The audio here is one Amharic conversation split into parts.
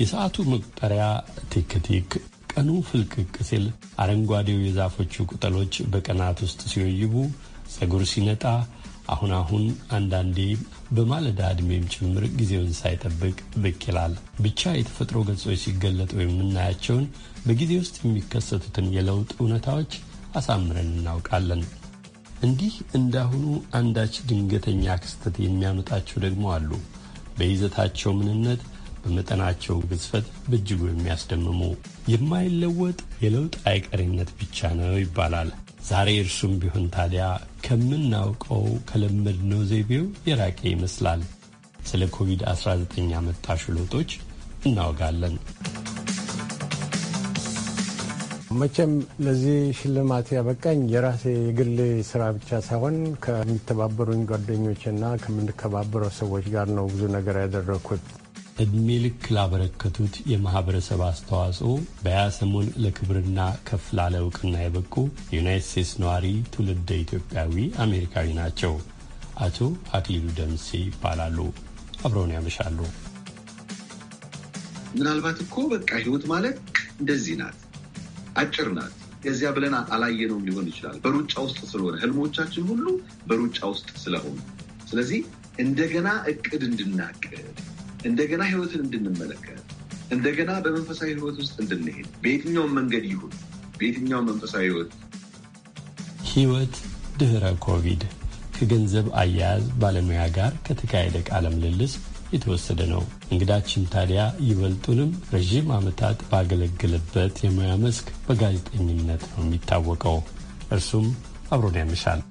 የሰዓቱ መቁጠሪያ ቲክቲክ ቀኑ ፍልቅቅ ሲል አረንጓዴው የዛፎቹ ቅጠሎች በቀናት ውስጥ ሲወይቡ፣ ጸጉር ሲነጣ፣ አሁን አሁን አንዳንዴ በማለዳ ዕድሜም ጭምር ጊዜውን ሳይጠብቅ ብቅ ይላል። ብቻ የተፈጥሮ ገጾች ሲገለጡ የምናያቸውን በጊዜ ውስጥ የሚከሰቱትን የለውጥ እውነታዎች አሳምረን እናውቃለን። እንዲህ እንዳሁኑ አንዳች ድንገተኛ ክስተት የሚያመጣቸው ደግሞ አሉ። በይዘታቸው ምንነት በመጠናቸው ግዝፈት በእጅጉ የሚያስደምሙ የማይለወጥ የለውጥ አይቀሬነት ብቻ ነው ይባላል። ዛሬ እርሱም ቢሆን ታዲያ ከምናውቀው ከለመድነው ዘይቤው የራቀ ይመስላል። ስለ ኮቪድ-19 አመጣሹ ለውጦች እናወጋለን። መቼም ለዚህ ሽልማት ያበቃኝ የራሴ የግሌ ስራ ብቻ ሳይሆን ከሚተባበሩኝ ጓደኞችና ከምንከባበረው ሰዎች ጋር ነው ብዙ ነገር ያደረግኩት። እድሜ ልክ ላበረከቱት የማህበረሰብ አስተዋጽኦ በያ ሰሞን ለክብርና ከፍ ላለ እውቅና የበቁ የዩናይት ስቴትስ ነዋሪ ትውልደ ኢትዮጵያዊ አሜሪካዊ ናቸው። አቶ አክሊሉ ደምሴ ይባላሉ። አብረውን ያመሻሉ። ምናልባት እኮ በቃ ህይወት ማለት እንደዚህ ናት፣ አጭር ናት። ከዚያ ብለን አላየነውም ሊሆን ይችላል። በሩጫ ውስጥ ስለሆነ ህልሞቻችን ሁሉ በሩጫ ውስጥ ስለሆኑ፣ ስለዚህ እንደገና እቅድ እንድናቅድ እንደገና ህይወትን እንድንመለከት እንደገና በመንፈሳዊ ህይወት ውስጥ እንድንሄድ በየትኛውም መንገድ ይሁን በየትኛውም መንፈሳዊ ህይወት ህይወት ድህረ ኮቪድ ከገንዘብ አያያዝ ባለሙያ ጋር ከተካሄደ ቃለ ምልልስ የተወሰደ ነው። እንግዳችን ታዲያ ይበልጡንም ረዥም ዓመታት ባገለገለበት የሙያ መስክ በጋዜጠኝነት ነው የሚታወቀው። እርሱም አብሮን ያመሻል።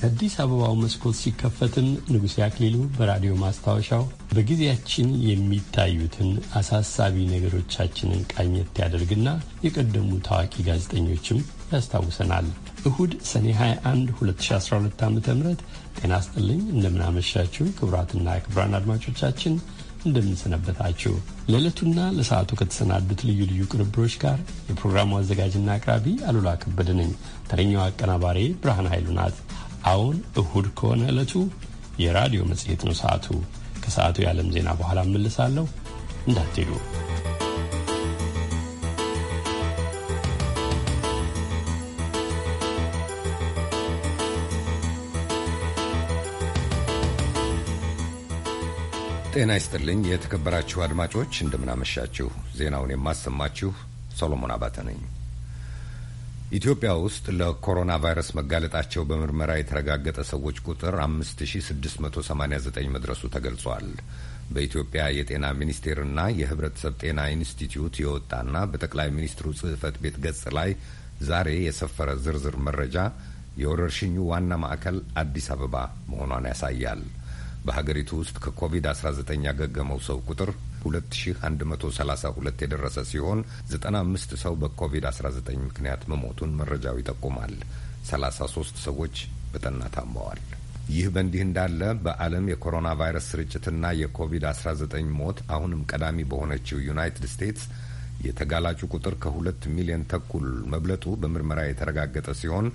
የአዲስ አበባው መስኮት ሲከፈትም ንጉሴ አክሊሉ በራዲዮ ማስታወሻው በጊዜያችን የሚታዩትን አሳሳቢ ነገሮቻችንን ቃኘት ያደርግና የቀደሙ ታዋቂ ጋዜጠኞችም ያስታውሰናል። እሁድ ሰኔ 21 2012 ዓ ም ጤና ስጥልኝ። እንደምናመሻችሁ ክቡራትና ክቡራን አድማጮቻችን እንደምንሰነበታችሁ ለዕለቱና ለሰዓቱ ከተሰናዱት ልዩ ልዩ ቅንብሮች ጋር የፕሮግራሙ አዘጋጅና አቅራቢ አሉላ ከበደ ነኝ። ተረኛው አቀናባሪ ብርሃን ኃይሉ ናት። አሁን እሁድ ከሆነ ዕለቱ የራዲዮ መጽሔት ነው ሰዓቱ። ከሰዓቱ የዓለም ዜና በኋላ እመልሳለሁ፣ እንዳትሄዱ። ጤና ይስጥልኝ የተከበራችሁ አድማጮች፣ እንደምናመሻችሁ። ዜናውን የማሰማችሁ ሰሎሞን አባተ ነኝ። ኢትዮጵያ ውስጥ ለኮሮና ቫይረስ መጋለጣቸው በምርመራ የተረጋገጠ ሰዎች ቁጥር 5689 መድረሱ ተገልጿል። በኢትዮጵያ የጤና ሚኒስቴርና የሕብረተሰብ ጤና ኢንስቲትዩት የወጣና በጠቅላይ ሚኒስትሩ ጽህፈት ቤት ገጽ ላይ ዛሬ የሰፈረ ዝርዝር መረጃ የወረርሽኙ ዋና ማዕከል አዲስ አበባ መሆኗን ያሳያል። በሀገሪቱ ውስጥ ከኮቪድ-19 ያገገመው ሰው ቁጥር 2132 የደረሰ ሲሆን 95 ሰው በኮቪድ-19 ምክንያት መሞቱን መረጃው ይጠቁማል። 33 ሰዎች በጠና ታመዋል። ይህ በእንዲህ እንዳለ በዓለም የኮሮና ቫይረስ ስርጭትና የኮቪድ-19 ሞት አሁንም ቀዳሚ በሆነችው ዩናይትድ ስቴትስ የተጋላጩ ቁጥር ከሁለት ሚሊዮን ተኩል መብለጡ በምርመራ የተረጋገጠ ሲሆን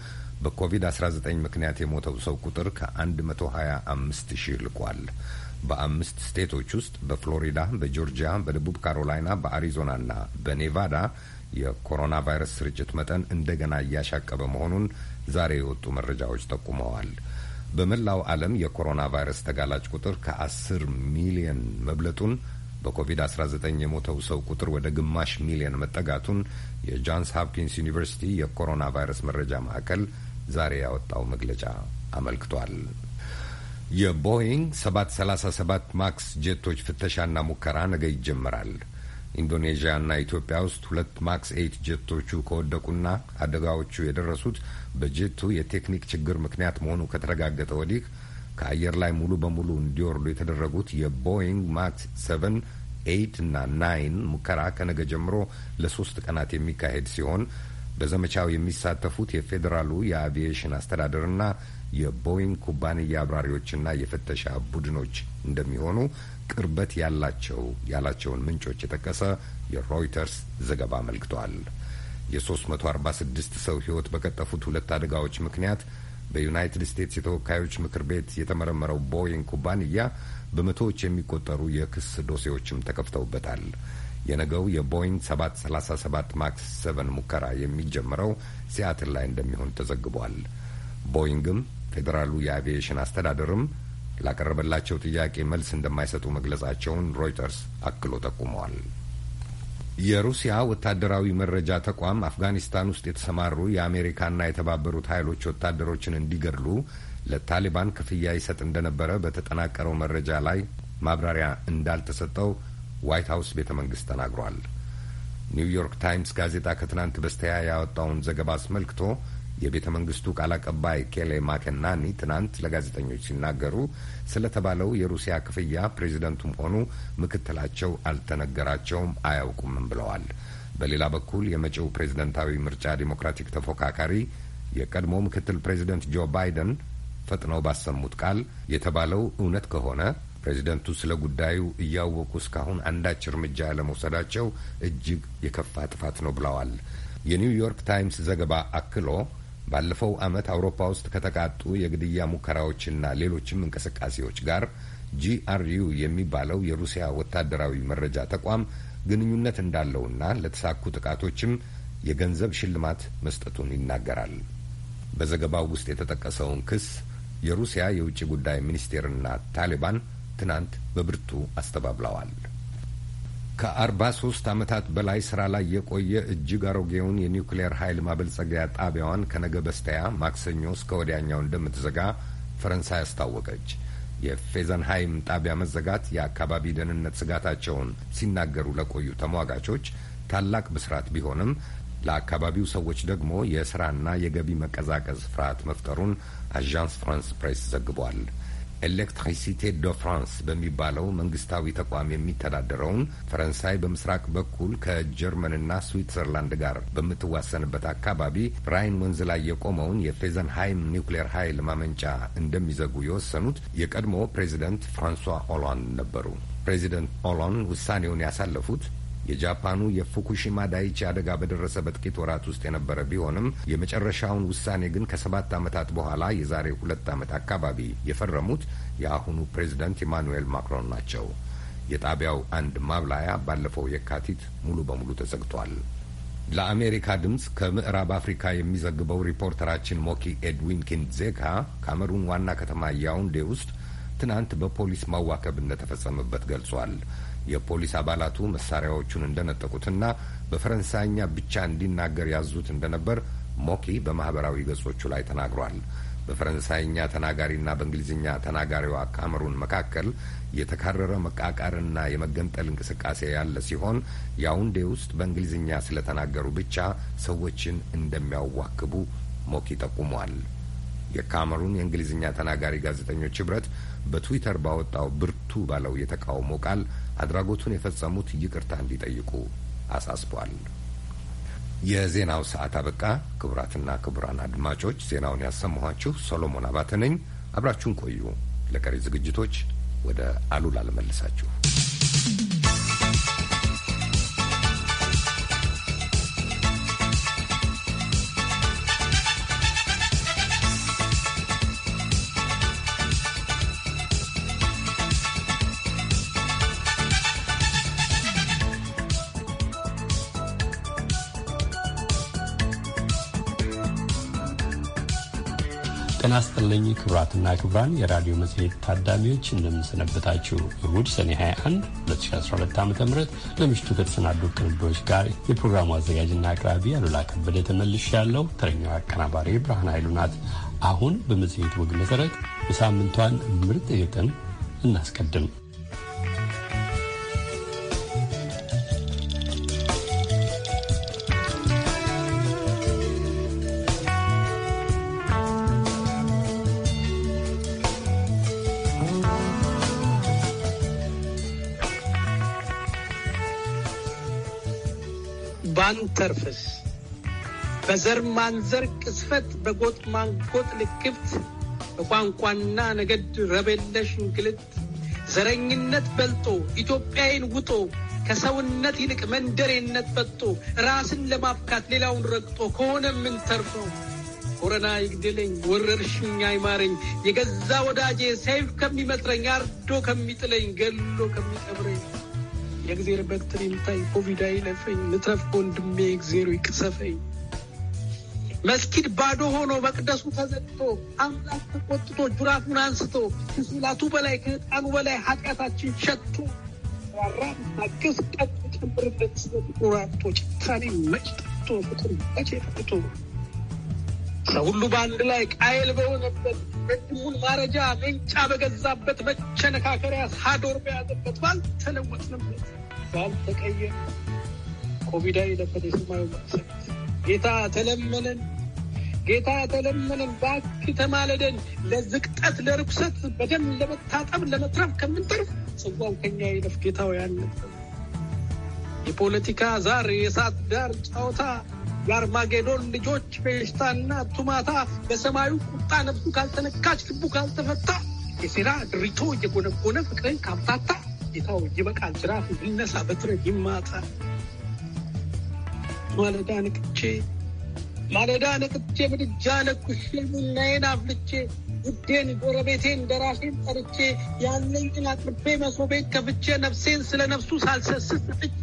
በኮቪድ-19 ምክንያት የሞተው ሰው ቁጥር ከ125 ሺህ ልቋል። በአምስት ስቴቶች ውስጥ በፍሎሪዳ፣ በጆርጂያ፣ በደቡብ ካሮላይና፣ በአሪዞና እና በኔቫዳ የኮሮና ቫይረስ ስርጭት መጠን እንደገና እያሻቀበ መሆኑን ዛሬ የወጡ መረጃዎች ጠቁመዋል። በመላው ዓለም የኮሮና ቫይረስ ተጋላጭ ቁጥር ከአስር ሚሊየን መብለጡን በኮቪድ-19 የሞተው ሰው ቁጥር ወደ ግማሽ ሚሊየን መጠጋቱን የጃንስ ሀፕኪንስ ዩኒቨርሲቲ የኮሮና ቫይረስ መረጃ ማዕከል ዛሬ ያወጣው መግለጫ አመልክቷል። የቦይንግ 737 ማክስ ጄቶች ፍተሻና ሙከራ ነገ ይጀምራል። ኢንዶኔዥያና ኢትዮጵያ ውስጥ ሁለት ማክስ ኤይት ጄቶቹ ከወደቁና አደጋዎቹ የደረሱት በጀቱ የቴክኒክ ችግር ምክንያት መሆኑ ከተረጋገጠ ወዲህ ከአየር ላይ ሙሉ በሙሉ እንዲወርዱ የተደረጉት የቦይንግ ማክስ ሰቨን ኤይት እና ናይን ሙከራ ከነገ ጀምሮ ለሶስት ቀናት የሚካሄድ ሲሆን በዘመቻው የሚሳተፉት የፌዴራሉ የአቪዬሽን አስተዳደርና የቦይንግ ኩባንያ አብራሪዎችና የፍተሻ ቡድኖች እንደሚሆኑ ቅርበት ያላቸው ያላቸውን ምንጮች የጠቀሰ የሮይተርስ ዘገባ አመልክቷል። የ346 ሰው ሕይወት በቀጠፉት ሁለት አደጋዎች ምክንያት በዩናይትድ ስቴትስ የተወካዮች ምክር ቤት የተመረመረው ቦይንግ ኩባንያ በመቶዎች የሚቆጠሩ የክስ ዶሴዎችም ተከፍተውበታል። የነገው የቦይንግ 737 ማክስ 7 ሙከራ የሚጀምረው ሲያትል ላይ እንደሚሆን ተዘግቧል። ቦይንግም ፌዴራሉ የአቪዬሽን አስተዳደርም ላቀረበላቸው ጥያቄ መልስ እንደማይሰጡ መግለጻቸውን ሮይተርስ አክሎ ጠቁመዋል። የሩሲያ ወታደራዊ መረጃ ተቋም አፍጋኒስታን ውስጥ የተሰማሩ የአሜሪካና የተባበሩት ኃይሎች ወታደሮችን እንዲገድሉ ለታሊባን ክፍያ ይሰጥ እንደነበረ በተጠናቀረው መረጃ ላይ ማብራሪያ እንዳልተሰጠው ዋይት ሀውስ ቤተ መንግስት ተናግሯል። ኒውዮርክ ታይምስ ጋዜጣ ከትናንት በስቲያ ያወጣውን ዘገባ አስመልክቶ የቤተ መንግስቱ ቃል አቀባይ ኬሌ ማኬናኒ ትናንት ለጋዜጠኞች ሲናገሩ ስለተባለው የሩሲያ ክፍያ ፕሬዚደንቱም ሆኑ ምክትላቸው አልተነገራቸውም፣ አያውቁምም ብለዋል። በሌላ በኩል የመጪው ፕሬዝደንታዊ ምርጫ ዲሞክራቲክ ተፎካካሪ የቀድሞ ምክትል ፕሬዚደንት ጆ ባይደን ፈጥነው ባሰሙት ቃል የተባለው እውነት ከሆነ ፕሬዚደንቱ ስለ ጉዳዩ እያወቁ እስካሁን አንዳች እርምጃ ያለመውሰዳቸው እጅግ የከፋ ጥፋት ነው ብለዋል። የኒውዮርክ ታይምስ ዘገባ አክሎ ባለፈው ዓመት አውሮፓ ውስጥ ከተቃጡ የግድያ ሙከራዎችና ሌሎችም እንቅስቃሴዎች ጋር ጂአርዩ የሚባለው የሩሲያ ወታደራዊ መረጃ ተቋም ግንኙነት እንዳለውና ለተሳኩ ጥቃቶችም የገንዘብ ሽልማት መስጠቱን ይናገራል። በዘገባው ውስጥ የተጠቀሰውን ክስ የሩሲያ የውጭ ጉዳይ ሚኒስቴርና ታሊባን ትናንት በብርቱ አስተባብለዋል። ከ43 ዓመታት በላይ ሥራ ላይ የቆየ እጅግ አሮጌውን የኒውክሌር ኃይል ማበልጸጊያ ጣቢያዋን ከነገ በስተያ ማክሰኞ እስከ ወዲያኛው እንደምትዘጋ ፈረንሳይ አስታወቀች። የፌዘንሃይም ጣቢያ መዘጋት የአካባቢ ደህንነት ስጋታቸውን ሲናገሩ ለቆዩ ተሟጋቾች ታላቅ ብስራት ቢሆንም ለአካባቢው ሰዎች ደግሞ የሥራና የገቢ መቀዛቀዝ ፍርሃት መፍጠሩን አዣንስ ፍራንስ ፕሬስ ዘግቧል። ኤሌክትሪሲቴ ዶ ፍራንስ በሚባለው መንግስታዊ ተቋም የሚተዳደረውን ፈረንሳይ በምስራቅ በኩል ከጀርመንና ስዊትዘርላንድ ጋር በምትዋሰንበት አካባቢ ራይን ወንዝ ላይ የቆመውን የፌዘንሃይም ኒውክሌር ኃይል ማመንጫ እንደሚዘጉ የወሰኑት የቀድሞ ፕሬዚደንት ፍራንሷ ኦላንድ ነበሩ። ፕሬዚደንት ኦላንድ ውሳኔውን ያሳለፉት የጃፓኑ የፉኩሺማ ዳይቺ አደጋ በደረሰ በጥቂት ወራት ውስጥ የነበረ ቢሆንም የመጨረሻውን ውሳኔ ግን ከሰባት ዓመታት በኋላ የዛሬ ሁለት ዓመት አካባቢ የፈረሙት የአሁኑ ፕሬዚደንት ኢማኑኤል ማክሮን ናቸው። የጣቢያው አንድ ማብላያ ባለፈው የካቲት ሙሉ በሙሉ ተዘግቷል። ለአሜሪካ ድምፅ ከምዕራብ አፍሪካ የሚዘግበው ሪፖርተራችን ሞኪ ኤድዊን ኪንዜካ ካሜሩን ዋና ከተማ ያውንዴ ውስጥ ትናንት በፖሊስ ማዋከብ እንደተፈጸመበት ገልጿል። የፖሊስ አባላቱ መሳሪያዎቹን እንደነጠቁትና በፈረንሳይኛ ብቻ እንዲናገር ያዙት እንደነበር ሞኪ በማህበራዊ ገጾቹ ላይ ተናግሯል። በፈረንሳይኛ ተናጋሪና በእንግሊዝኛ ተናጋሪዋ ካሜሩን መካከል የተካረረ መቃቃርና የመገንጠል እንቅስቃሴ ያለ ሲሆን ያውንዴ ውስጥ በእንግሊዝኛ ስለተናገሩ ብቻ ሰዎችን እንደሚያዋክቡ ሞኪ ጠቁሟል። የካሜሩን የእንግሊዝኛ ተናጋሪ ጋዜጠኞች ህብረት በትዊተር ባወጣው ብርቱ ባለው የተቃውሞ ቃል አድራጎቱን የፈጸሙት ይቅርታ እንዲጠይቁ አሳስቧል። የዜናው ሰዓት አበቃ። ክቡራትና ክቡራን አድማጮች ዜናውን ያሰማኋችሁ ሶሎሞን አባተ ነኝ። አብራችሁን ቆዩ። ለቀሪ ዝግጅቶች ወደ አሉላ ልመልሳችሁ። ጤና ስጥልኝ ክቡራትና ክቡራን የራዲዮ መጽሔት ታዳሚዎች እንደምንሰነበታችሁ። እሁድ ሰኔ 21 2012 ዓ ም ለምሽቱ ከተሰናዱ ቅንብሮች ጋር የፕሮግራሙ አዘጋጅና አቅራቢ አሉላ ከበደ ተመልሽ ያለው ተረኛው አቀናባሪ ብርሃን ኃይሉ ናት። አሁን በመጽሔት ወግ መሠረት የሳምንቷን ምርጥ ግጥም እናስቀድም። አንተርፍስ። በዘር ማንዘር ቅስፈት፣ በጎጥ ማንጎጥ ልክፍት፣ በቋንቋና ነገድ ረበለሽ እንግልት ዘረኝነት በልጦ ኢትዮጵያዊን ውጦ ከሰውነት ይልቅ መንደሬነት በጦ ራስን ለማብካት ሌላውን ረግጦ ከሆነ ምን ተርፎ ኮረና ይግደለኝ ወረርሽኝ አይማረኝ የገዛ ወዳጄ ሰይፍ ከሚመጥረኝ አርዶ ከሚጥለኝ ገሎ ከሚቀብረኝ የእግዜር በትር የምታይ ኮቪድ አይለፈኝ ንትረፍ ወንድሜ እግዜሩ ይቅሰፈኝ። መስጊድ ባዶ ሆኖ መቅደሱ ተዘግቶ አምላክ ተቆጥቶ ጅራፉን አንስቶ ከሶላቱ በላይ ከዕጣኑ በላይ ኃጢአታችን ሸቶ ራራግስ ቀጥ ጨምርበት ስለት ጭታኔ መጭጠቶ መጭ መቼ ጠፍቶ ከሁሉ በአንድ ላይ ቃየል በሆነበት ወንድሙን ማረጃ መንጫ በገዛበት መቸነካከሪያ ሳዶር በያዘበት ባልተለወጥንበት ባልተቀየም ኮቪዳ የለበት የሰማዩ መቅሰፍት ጌታ ተለመነን፣ ጌታ ተለመነን። ባክ ተማለደን። ለዝቅጠት ለርኩሰት፣ በደም ለመታጠብ ለመትረፍ ከምንጠርፍ ጽዋው ከኛ ይለፍ ጌታው ያለ የፖለቲካ ዛር የእሳት ዳር ጫወታ የአርማጌዶን ልጆች ፌሽታና ቱማታ በሰማዩ ቁጣ ነብሱ ካልተነካች ልቡ ካልተፈታ የሴራ ድሪቶ እየጎነጎነ ፍቅርን ካብታታ ጌታው ይበቃል ጅራፍ ይነሳ በትረ ይማጣ ማለዳ ነቅቼ ማለዳ ነቅቼ ምድጃ ነኩሼ ቡናዬን አፍልቼ ውዴን ጎረቤቴን ደራሴን ጠርቼ ያለኝን አቅርቤ መሶቤን ከፍቼ ነፍሴን ስለ ነፍሱ ሳልሰስት ጥቼ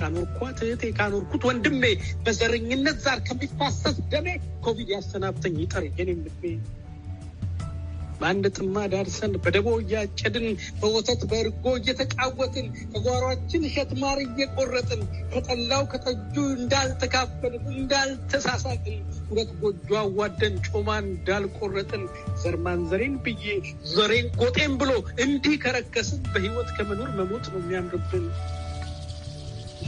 ካኖርኳት እህቴ ካኖርኩት ወንድሜ በዘረኝነት ዛር ከሚፋሰስ ደሜ ኮቪድ ያሰናብተኝ ይጠር የኔም ልቤ በአንድ ጥማ ዳርሰን በደቦ እያጨድን በወተት በእርጎ እየተቃወትን ከጓሯችን እሸት ማር እየቆረጥን ከጠላው ከጠጁ እንዳልተካፈልን እንዳልተሳሳቅን ሁለት ጎጆ አዋደን ጮማ እንዳልቆረጥን ዘርማን ዘሬን ብዬ ዘሬን ጎጤን ብሎ እንዲህ ከረከስን በሕይወት ከመኖር መሞት ነው የሚያምርብን።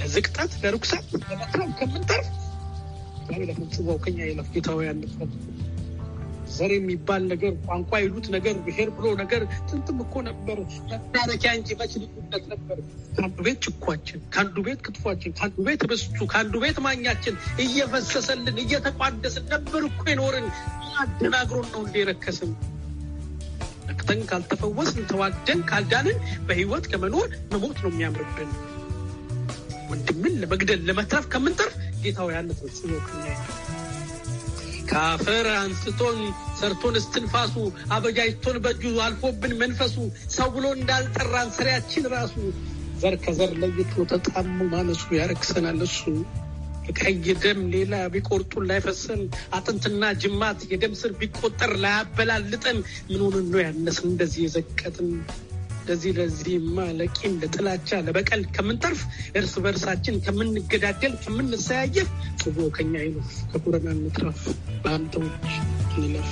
ለዝቅጠት ለርኩሰት ለመክረብ ከምንጠር ዛሬ ለፈጽመው ከኛ የለፍ ያለበት ዘር የሚባል ነገር ቋንቋ ይሉት ነገር ብሄር ብሎ ነገር ጥንትም እኮ ነበር። መታረኪያ እንጂ መች ልዩነት ነበር? ከአንዱ ቤት ችኳችን፣ ከአንዱ ቤት ክትፏችን፣ ከአንዱ ቤት ብስቱ፣ ከአንዱ ቤት ማኛችን እየፈሰሰልን እየተቋደስን ነበር እኮ የኖርን። አደናግሮን ነው እንደ የረከስን ነቅተን ካልተፈወስን ተዋደን ካልዳንን በህይወት ከመኖር መሞት ነው የሚያምርብን። ወንድምን ለመግደል ለመትረፍ ከምንጠርፍ ጌታው ያለ ተጽዕኖ ከአፈር አንስቶን ሰርቶን እስትንፋሱ አበጃጅቶን በእጁ አልፎብን መንፈሱ ሰው ብሎ እንዳልጠራን ስሪያችን ራሱ ዘር ከዘር ለይቶ ተጣሙ ማነሱ ያረክሰናል እሱ ከቀይ ደም ሌላ ቢቆርጡን ላይፈሰን አጥንትና ጅማት የደም ስር ቢቆጠር ላያበላልጠን ምንሆን ነው ያነስን እንደዚህ የዘቀጥን ለዚህ ለዚህማ ለቂም ለጥላቻ ለበቀል ከምንጠርፍ እርስ በእርሳችን ከምንገዳደል ከምንሰያየፍ ጽቦ ከኛ ይኖፍ ከኮረና እንጥረፍ በአምጦች እንለፍ።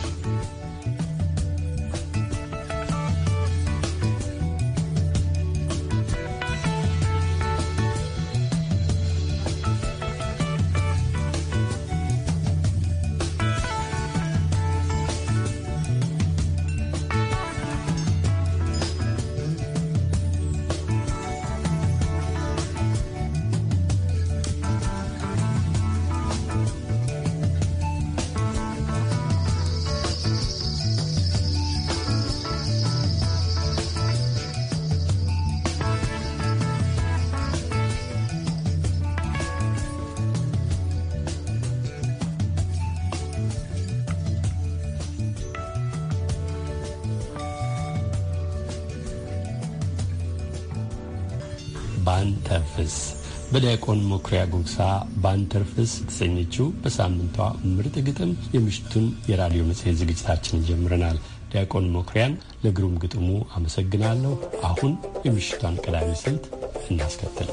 በዲያቆን መኩሪያ ጉግሳ ባንተርፍስ የተሰኘችው በሳምንቷ ምርጥ ግጥም የምሽቱን የራዲዮ መጽሔት ዝግጅታችንን ጀምረናል። ዲያቆን መኩሪያን ለግሩም ግጥሙ አመሰግናለሁ። አሁን የምሽቷን ቀዳሚ ስልት እናስከትል።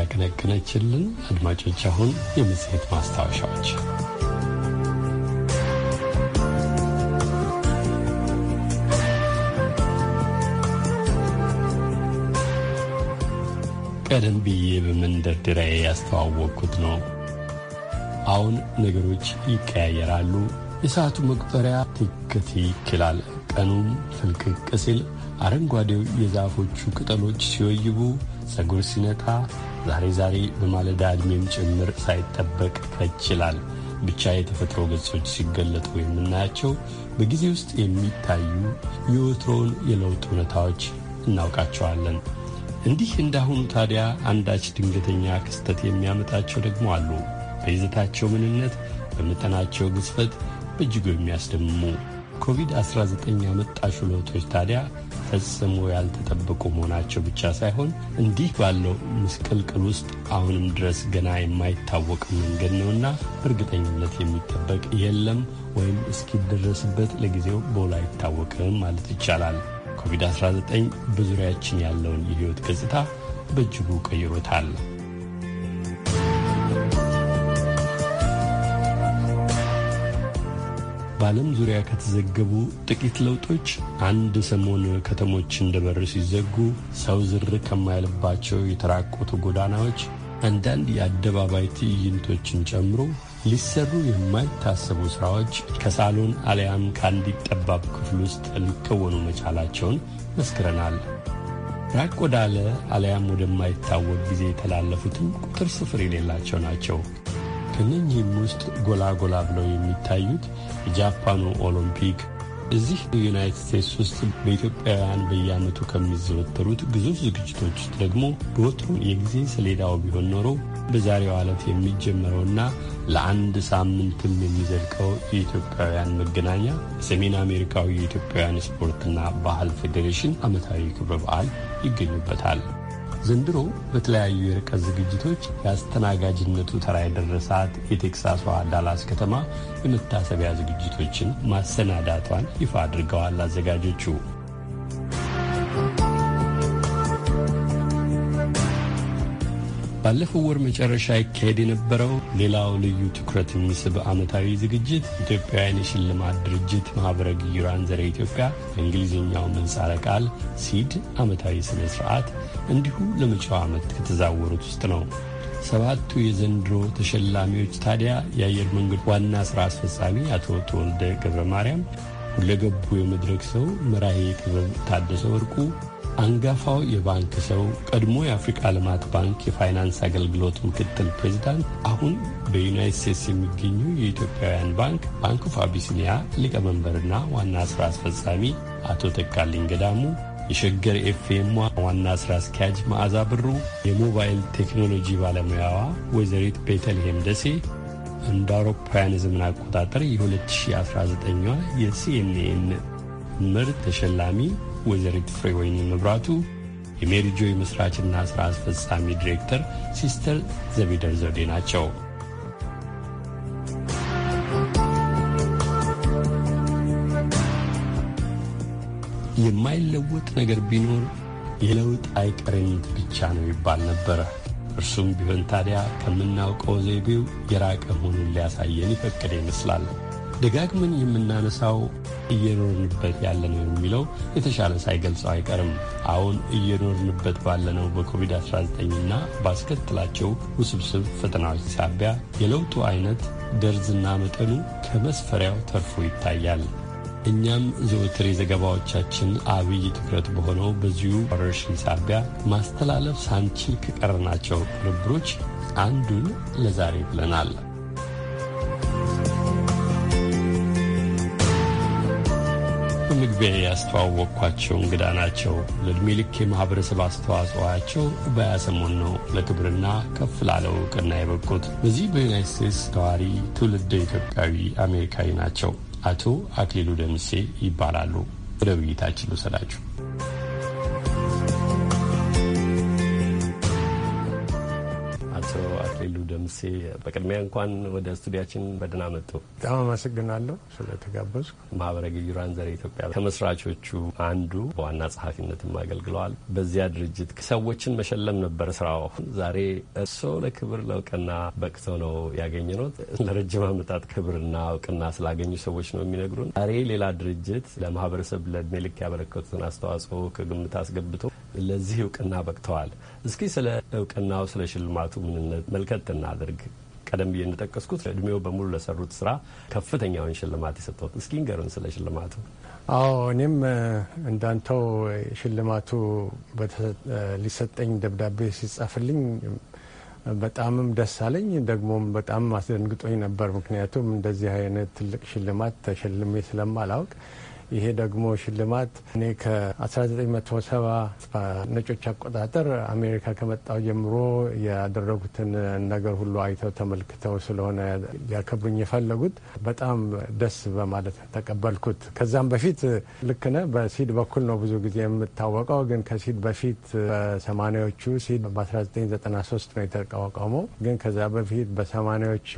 ያቀነቀነችልን። አድማጮች፣ አሁን የመጽሔት ማስታወሻዎች ቀደም ብዬ በመንደርደሪያ ያስተዋወቅኩት ነው። አሁን ነገሮች ይቀያየራሉ። የሰዓቱ መቁጠሪያ ትክት ይላል። ቀኑም ፍልቅቅ ሲል አረንጓዴው የዛፎቹ ቅጠሎች ሲወይቡ፣ ፀጉር ሲነጣ ዛሬ ዛሬ በማለዳ ዕድሜም ጭምር ሳይጠበቅ ፈችላል። ብቻ የተፈጥሮ ገጾች ሲገለጡ የምናያቸው በጊዜ ውስጥ የሚታዩ የወትሮውን የለውጥ እውነታዎች እናውቃቸዋለን። እንዲህ እንዳሁኑ ታዲያ አንዳች ድንገተኛ ክስተት የሚያመጣቸው ደግሞ አሉ። በይዘታቸው ምንነት፣ በመጠናቸው ግዝፈት በእጅጉ የሚያስደምሙ ኮቪድ-19 ያመጣሹ ለውጦች ታዲያ ፈጽሞ ያልተጠበቁ መሆናቸው ብቻ ሳይሆን እንዲህ ባለው ምስቅልቅል ውስጥ አሁንም ድረስ ገና የማይታወቅ መንገድ ነውና በእርግጠኝነት የሚጠበቅ የለም ወይም እስኪደረስበት ለጊዜው በውል አይታወቅም ማለት ይቻላል። ኮቪድ-19 በዙሪያችን ያለውን የሕይወት ገጽታ በእጅጉ ቀይሮታል። በዓለም ዙሪያ ከተዘገቡ ጥቂት ለውጦች አንድ ሰሞን ከተሞች እንደበር ሲዘጉ ሰው ዝር ከማይልባቸው የተራቆቱ ጎዳናዎች አንዳንድ የአደባባይ ትዕይንቶችን ጨምሮ ሊሰሩ የማይታሰቡ ሥራዎች ከሳሎን አሊያም ከአንዲት ጠባብ ክፍል ውስጥ ሊከወኑ መቻላቸውን መስክረናል። ራቅ ወዳለ አሊያም ወደማይታወቅ ጊዜ የተላለፉትም ቁጥር ስፍር የሌላቸው ናቸው። ከነኚህም ውስጥ ጎላ ጎላ ብለው የሚታዩት የጃፓኑ ኦሎምፒክ እዚህ ዩናይትድ ስቴትስ ውስጥ በኢትዮጵያውያን በየዓመቱ ከሚዘወተሩት ግዙፍ ዝግጅቶች ውስጥ ደግሞ በወትሮ የጊዜ ሰሌዳው ቢሆን ኖሮ በዛሬው ዕለት የሚጀመረውና ለአንድ ሳምንትም የሚዘልቀው የኢትዮጵያውያን መገናኛ የሰሜን አሜሪካዊ የኢትዮጵያውያን ስፖርትና ባህል ፌዴሬሽን ዓመታዊ ክብረ በዓል ይገኙበታል። ዘንድሮ በተለያዩ የርቀት ዝግጅቶች የአስተናጋጅነቱ ተራ የደረሳት የቴክሳሷ ዳላስ ከተማ የመታሰቢያ ዝግጅቶችን ማሰናዳቷን ይፋ አድርገዋል አዘጋጆቹ። ባለፈው ወር መጨረሻ ይካሄድ የነበረው ሌላው ልዩ ትኩረት የሚስብ ዓመታዊ ዝግጅት ኢትዮጵያውያን የሽልማት ድርጅት ማኅበረ ግዩራን ዘረ ኢትዮጵያ በእንግሊዝኛው ምንጻረ ቃል ሲድ ዓመታዊ ሥነ ሥርዓት እንዲሁ ለመጪው ዓመት ከተዛወሩት ውስጥ ነው። ሰባቱ የዘንድሮ ተሸላሚዎች ታዲያ የአየር መንገድ ዋና ሥራ አስፈጻሚ አቶ ተወልደ ገብረ ማርያም፣ ሁለገቡ የመድረክ ሰው መራሄ ጥበብ ታደሰ ወርቁ አንጋፋው የባንክ ሰው ቀድሞ የአፍሪካ ልማት ባንክ የፋይናንስ አገልግሎት ምክትል ፕሬዚዳንት፣ አሁን በዩናይት ስቴትስ የሚገኙ የኢትዮጵያውያን ባንክ ባንክ ኦፍ አቢሲኒያ ሊቀመንበርና ዋና ስራ አስፈጻሚ አቶ ተካልኝ ገዳሙ የሸገር ኤፍኤም ዋና ስራ አስኪያጅ መዓዛ ብሩ፣ የሞባይል ቴክኖሎጂ ባለሙያዋ ወይዘሪት ቤተልሔም ደሴ እንደ አውሮፓውያን የዘመን አቆጣጠር የ2019 የሲኤንኤን ምርጥ ተሸላሚ ወይዘሪት ፍሬወይኒ መብራቱ፣ የሜሪጆ መስራችና ሥራ አስፈጻሚ ዲሬክተር ሲስተር ዘቢደር ዘውዴ ናቸው። የማይለወጥ ነገር ቢኖር የለውጥ አይቀሬነት ብቻ ነው ይባል ነበረ። እርሱም ቢሆን ታዲያ ከምናውቀው ዘይቤው የራቀ መሆኑን ሊያሳየን ይፈቅድ ይመስላል። ደጋግመን የምናነሳው እየኖርንበት ያለ ነው የሚለው የተሻለ ሳይገልጸው አይቀርም። አሁን እየኖርንበት ባለነው በኮቪድ-19ና ባስከትላቸው ውስብስብ ፈተናዎች ሳቢያ የለውጡ አይነት ደርዝና መጠኑ ከመስፈሪያው ተርፎ ይታያል። እኛም ዘወትር የዘገባዎቻችን አብይ ትኩረት በሆነው በዚሁ ወረርሽኝ ሳቢያ ማስተላለፍ ሳንችል ከቀረናቸው ቅንብሮች አንዱን ለዛሬ ብለናል። በመግቢያ ያስተዋወቅኳቸው እንግዳ ናቸው። ለዕድሜ ልክ የማኅበረሰብ አስተዋጽኦአቸው በያሰሞን ነው ለክብርና ከፍ ላለው እውቅና የበቁት። በዚህ በዩናይት ስቴትስ ተዋሪ ትውልደ ኢትዮጵያዊ አሜሪካዊ ናቸው። አቶ አክሊሉ ደምሴ ይባላሉ። ወደ ውይይታችን ልውሰዳችሁ። ደምሴ በቅድሚያ እንኳን ወደ ስቱዲያችን በደህና መጡ። በጣም አመሰግናለሁ ስለተጋበዝኩ። ማህበረ ግዩራን ዘር ኢትዮጵያ ከመስራቾቹ አንዱ በዋና ጸሐፊነትም አገልግለዋል። በዚያ ድርጅት ሰዎችን መሸለም ነበር ስራው። ዛሬ እርስዎ ለክብር ለእውቅና በቅቶ ነው ያገኘነው። ለረጅም አመጣት ክብርና እውቅና ስላገኙ ሰዎች ነው የሚነግሩን። ዛሬ ሌላ ድርጅት ለማህበረሰብ ለእድሜ ልክ ያበረከቱትን አስተዋጽኦ ከግምት አስገብቶ ለዚህ እውቅና በቅተዋል። እስኪ ስለ እውቅናው ስለ ሽልማቱ ምንነት መልከት እናድርግ። ቀደም ብዬ እንደጠቀስኩት እድሜው በሙሉ ለሰሩት ስራ ከፍተኛውን ሽልማት የሰጠት። እስኪ ንገሩን ስለ ሽልማቱ። አዎ እኔም እንዳንተው ሽልማቱ ሊሰጠኝ ደብዳቤ ሲጻፍልኝ በጣምም ደስ አለኝ፣ ደግሞም በጣም አስደንግጦኝ ነበር። ምክንያቱም እንደዚህ አይነት ትልቅ ሽልማት ተሸልሜ ስለማላውቅ ይሄ ደግሞ ሽልማት እኔ ከ1970 ነጮች አቆጣጠር አሜሪካ ከመጣው ጀምሮ ያደረጉትን ነገር ሁሉ አይተው ተመልክተው ስለሆነ ሊያከብሩኝ የፈለጉት በጣም ደስ በማለት ተቀበልኩት። ከዛም በፊት ልክ በሲድ በኩል ነው ብዙ ጊዜ የምታወቀው። ግን ከሲድ በፊት በሰማኒያዎቹ ሲድ በ1993 ነው የተቋቋመው። ግን ከዛ በፊት በሰማኒያዎቹ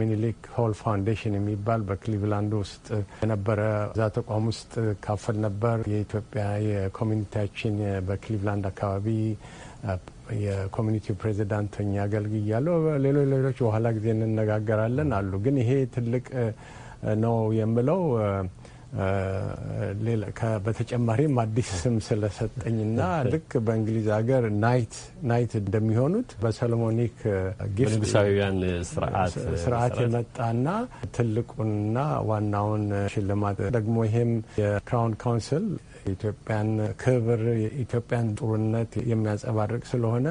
ሚኒሊክ ሆል ፋውንዴሽን የሚባል በክሊቭላንድ ውስጥ የነበረ እዛ ተቋሙ ውስጥ ካፈል ነበር። የኢትዮጵያ የኮሚኒቲያችን በክሊቭላንድ አካባቢ የኮሚኒቲ ፕሬዚዳንት ሆኜ አገልግያለሁ። ሌሎች ሌሎች በኋላ ጊዜ እንነጋገራለን አሉ። ግን ይሄ ትልቅ ነው የምለው በተጨማሪም አዲስ ስም ስለሰጠኝና ልክ በእንግሊዝ ሀገር ናይት ናይት እንደሚሆኑት በሰሎሞኒክ ንጉሳዊያን ስርዓት የመጣና ትልቁንና ዋናውን ሽልማት ደግሞ ይሄም የክራውን ካውንስል የኢትዮጵያን ክብር የኢትዮጵያን ጥሩነት የሚያንጸባርቅ ስለሆነ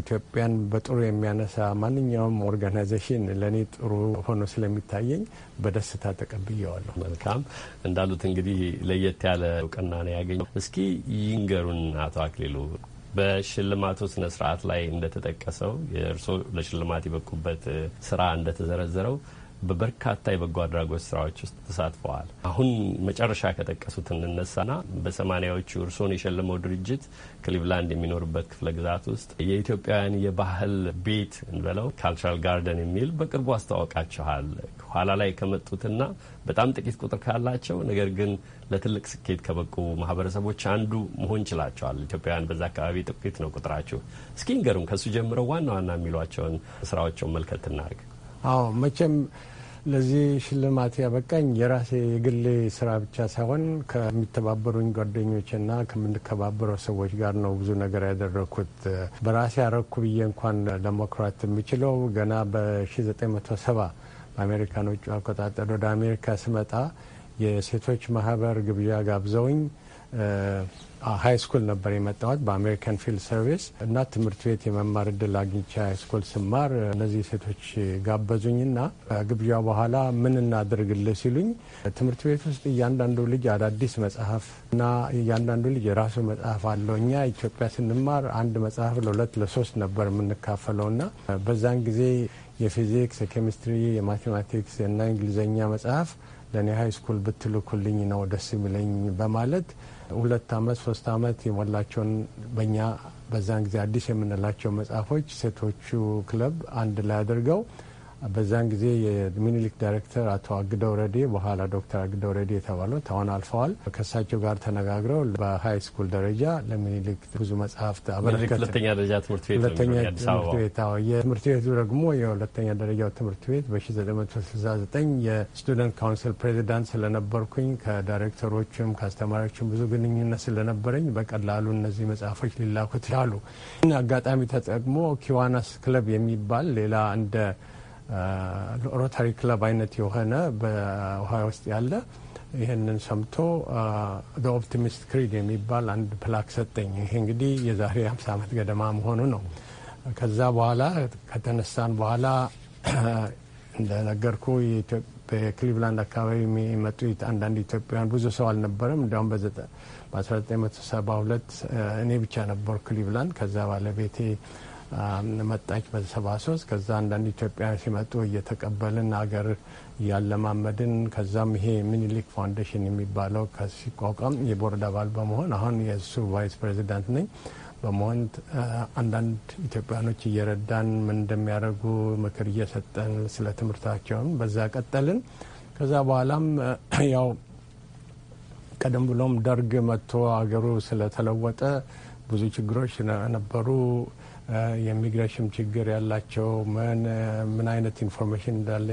ኢትዮጵያን በጥሩ የሚያነሳ ማንኛውም ኦርጋናይዜሽን ለእኔ ጥሩ ሆኖ ስለሚታየኝ በደስታ ተቀብየዋለሁ። መልካም እንዳሉት እንግዲህ ለየት ያለ እውቅና ነው ያገኘው። እስኪ ይንገሩን አቶ አክሊሉ በሽልማቱ ስነ ስርዓት ላይ እንደተጠቀሰው የእርስዎ ለሽልማት የበቁበት ስራ እንደተዘረዘረው በበርካታ የበጎ አድራጎት ስራዎች ውስጥ ተሳትፈዋል። አሁን መጨረሻ ከጠቀሱት እንነሳና በሰማኒያዎቹ እርስዎን የሸለመው ድርጅት ክሊቭላንድ የሚኖርበት ክፍለ ግዛት ውስጥ የኢትዮጵያውያን የባህል ቤት እንበለው ካልቸራል ጋርደን የሚል በቅርቡ አስተዋውቃችኋል። ኋላ ላይ ከመጡትና በጣም ጥቂት ቁጥር ካላቸው ነገር ግን ለትልቅ ስኬት ከበቁ ማህበረሰቦች አንዱ መሆን ችላቸዋል። ኢትዮጵያውያን በዛ አካባቢ ጥቂት ነው ቁጥራችሁ። እስኪ ንገሩም ከእሱ ጀምረው ዋና ዋና የሚሏቸውን ስራዎቸውን መልከት እናርግ። አዎ መቼም ለዚህ ሽልማት ያበቃኝ የራሴ የግሌ ስራ ብቻ ሳይሆን ከሚተባበሩኝ ጓደኞችና ከምንከባበረው ሰዎች ጋር ነው ብዙ ነገር ያደረግኩት። በራሴ ያረኩ ብዬ እንኳን ለመኩራት የምችለው ገና በ1970 በአሜሪካኖቹ አቆጣጠር ወደ አሜሪካ ስመጣ የሴቶች ማህበር ግብዣ ጋብዘውኝ ሀይ ስኩል ነበር የመጣሁት በአሜሪካን ፊልድ ሰርቪስ እና ትምህርት ቤት የመማር እድል አግኝቼ ሀይ ስኩል ስማር እነዚህ ሴቶች ጋበዙኝና ከግብዣ በኋላ ምን እናድርግልህ ሲሉኝ ትምህርት ቤት ውስጥ እያንዳንዱ ልጅ አዳዲስ መጽሐፍ እና እያንዳንዱ ልጅ የራሱ መጽሐፍ አለው። እኛ ኢትዮጵያ ስንማር አንድ መጽሐፍ ለሁለት ለሶስት ነበር የምንካፈለው እና በዛን ጊዜ የፊዚክስ፣ የኬሚስትሪ፣ የማቴማቲክስ እና እንግሊዝኛ መጽሐፍ ለእኔ ሀይ ስኩል ብትልኩልኝ ነው ደስ የሚለኝ በማለት ሁለት አመት ሶስት አመት የሞላቸውን በእኛ በዛን ጊዜ አዲስ የምንላቸው መጽሐፎች ሴቶቹ ክለብ አንድ ላይ አድርገው በዛን ጊዜ የሚኒሊክ ዳይሬክተር አቶ አግደው ረዴ በኋላ ዶክተር አግደው ረዴ የተባሉት አሁን አልፈዋል። ከእሳቸው ጋር ተነጋግረው በሀይ ስኩል ደረጃ ለሚኒሊክ ብዙ መጽሐፍት አበረከት። ሁለተኛ ደረጃ ትምህርት ቤት ትምህርት የትምህርት ቤቱ ደግሞ የሁለተኛ ደረጃው ትምህርት ቤት በ1969 የስቱደንት ካውንስል ፕሬዚዳንት ስለነበርኩኝ ከዳይሬክተሮችም ከአስተማሪዎችም ብዙ ግንኙነት ስለነበረኝ በቀላሉ እነዚህ መጽሐፎች ሊላኩት ይችላሉ። አጋጣሚ ተጠቅሞ ኪዋናስ ክለብ የሚባል ሌላ እንደ ሮታሪ ክለብ አይነት የሆነ በውሃ ውስጥ ያለ ይህንን ሰምቶ ኦፕቲሚስት ክሪድ የሚባል አንድ ፕላክ ሰጠኝ። ይሄ እንግዲህ የዛሬ 50 ዓመት ገደማ መሆኑ ነው። ከዛ በኋላ ከተነሳን በኋላ እንደነገርኩ በክሊቭላንድ አካባቢ የሚመጡ አንዳንድ ኢትዮጵያውያን ብዙ ሰው አልነበረም። እንዲያውም በ1972 እኔ ብቻ ነበሩ ክሊቭላንድ። ከዛ ባለቤቴ መጣች በሰባ ሶስት ከዛ አንዳንድ ኢትዮጵያ ሲመጡ እየተቀበልን አገር እያለማመድን ከዛም ይሄ ሚኒሊክ ፋውንዴሽን የሚባለው ከሲቋቋም የቦርድ አባል በመሆን አሁን የእሱ ቫይስ ፕሬዚዳንት ነኝ በመሆን አንዳንድ ኢትዮጵያኖች እየረዳን ምን እንደሚያደርጉ ምክር እየሰጠን ስለ ትምህርታቸውን በዛ ቀጠልን። ከዛ በኋላም ያው ቀደም ብሎም ደርግ መጥቶ አገሩ ስለተለወጠ ብዙ ችግሮች ነበሩ። የኢሚግሬሽን ችግር ያላቸው ምን አይነት ኢንፎርሜሽን እንዳለ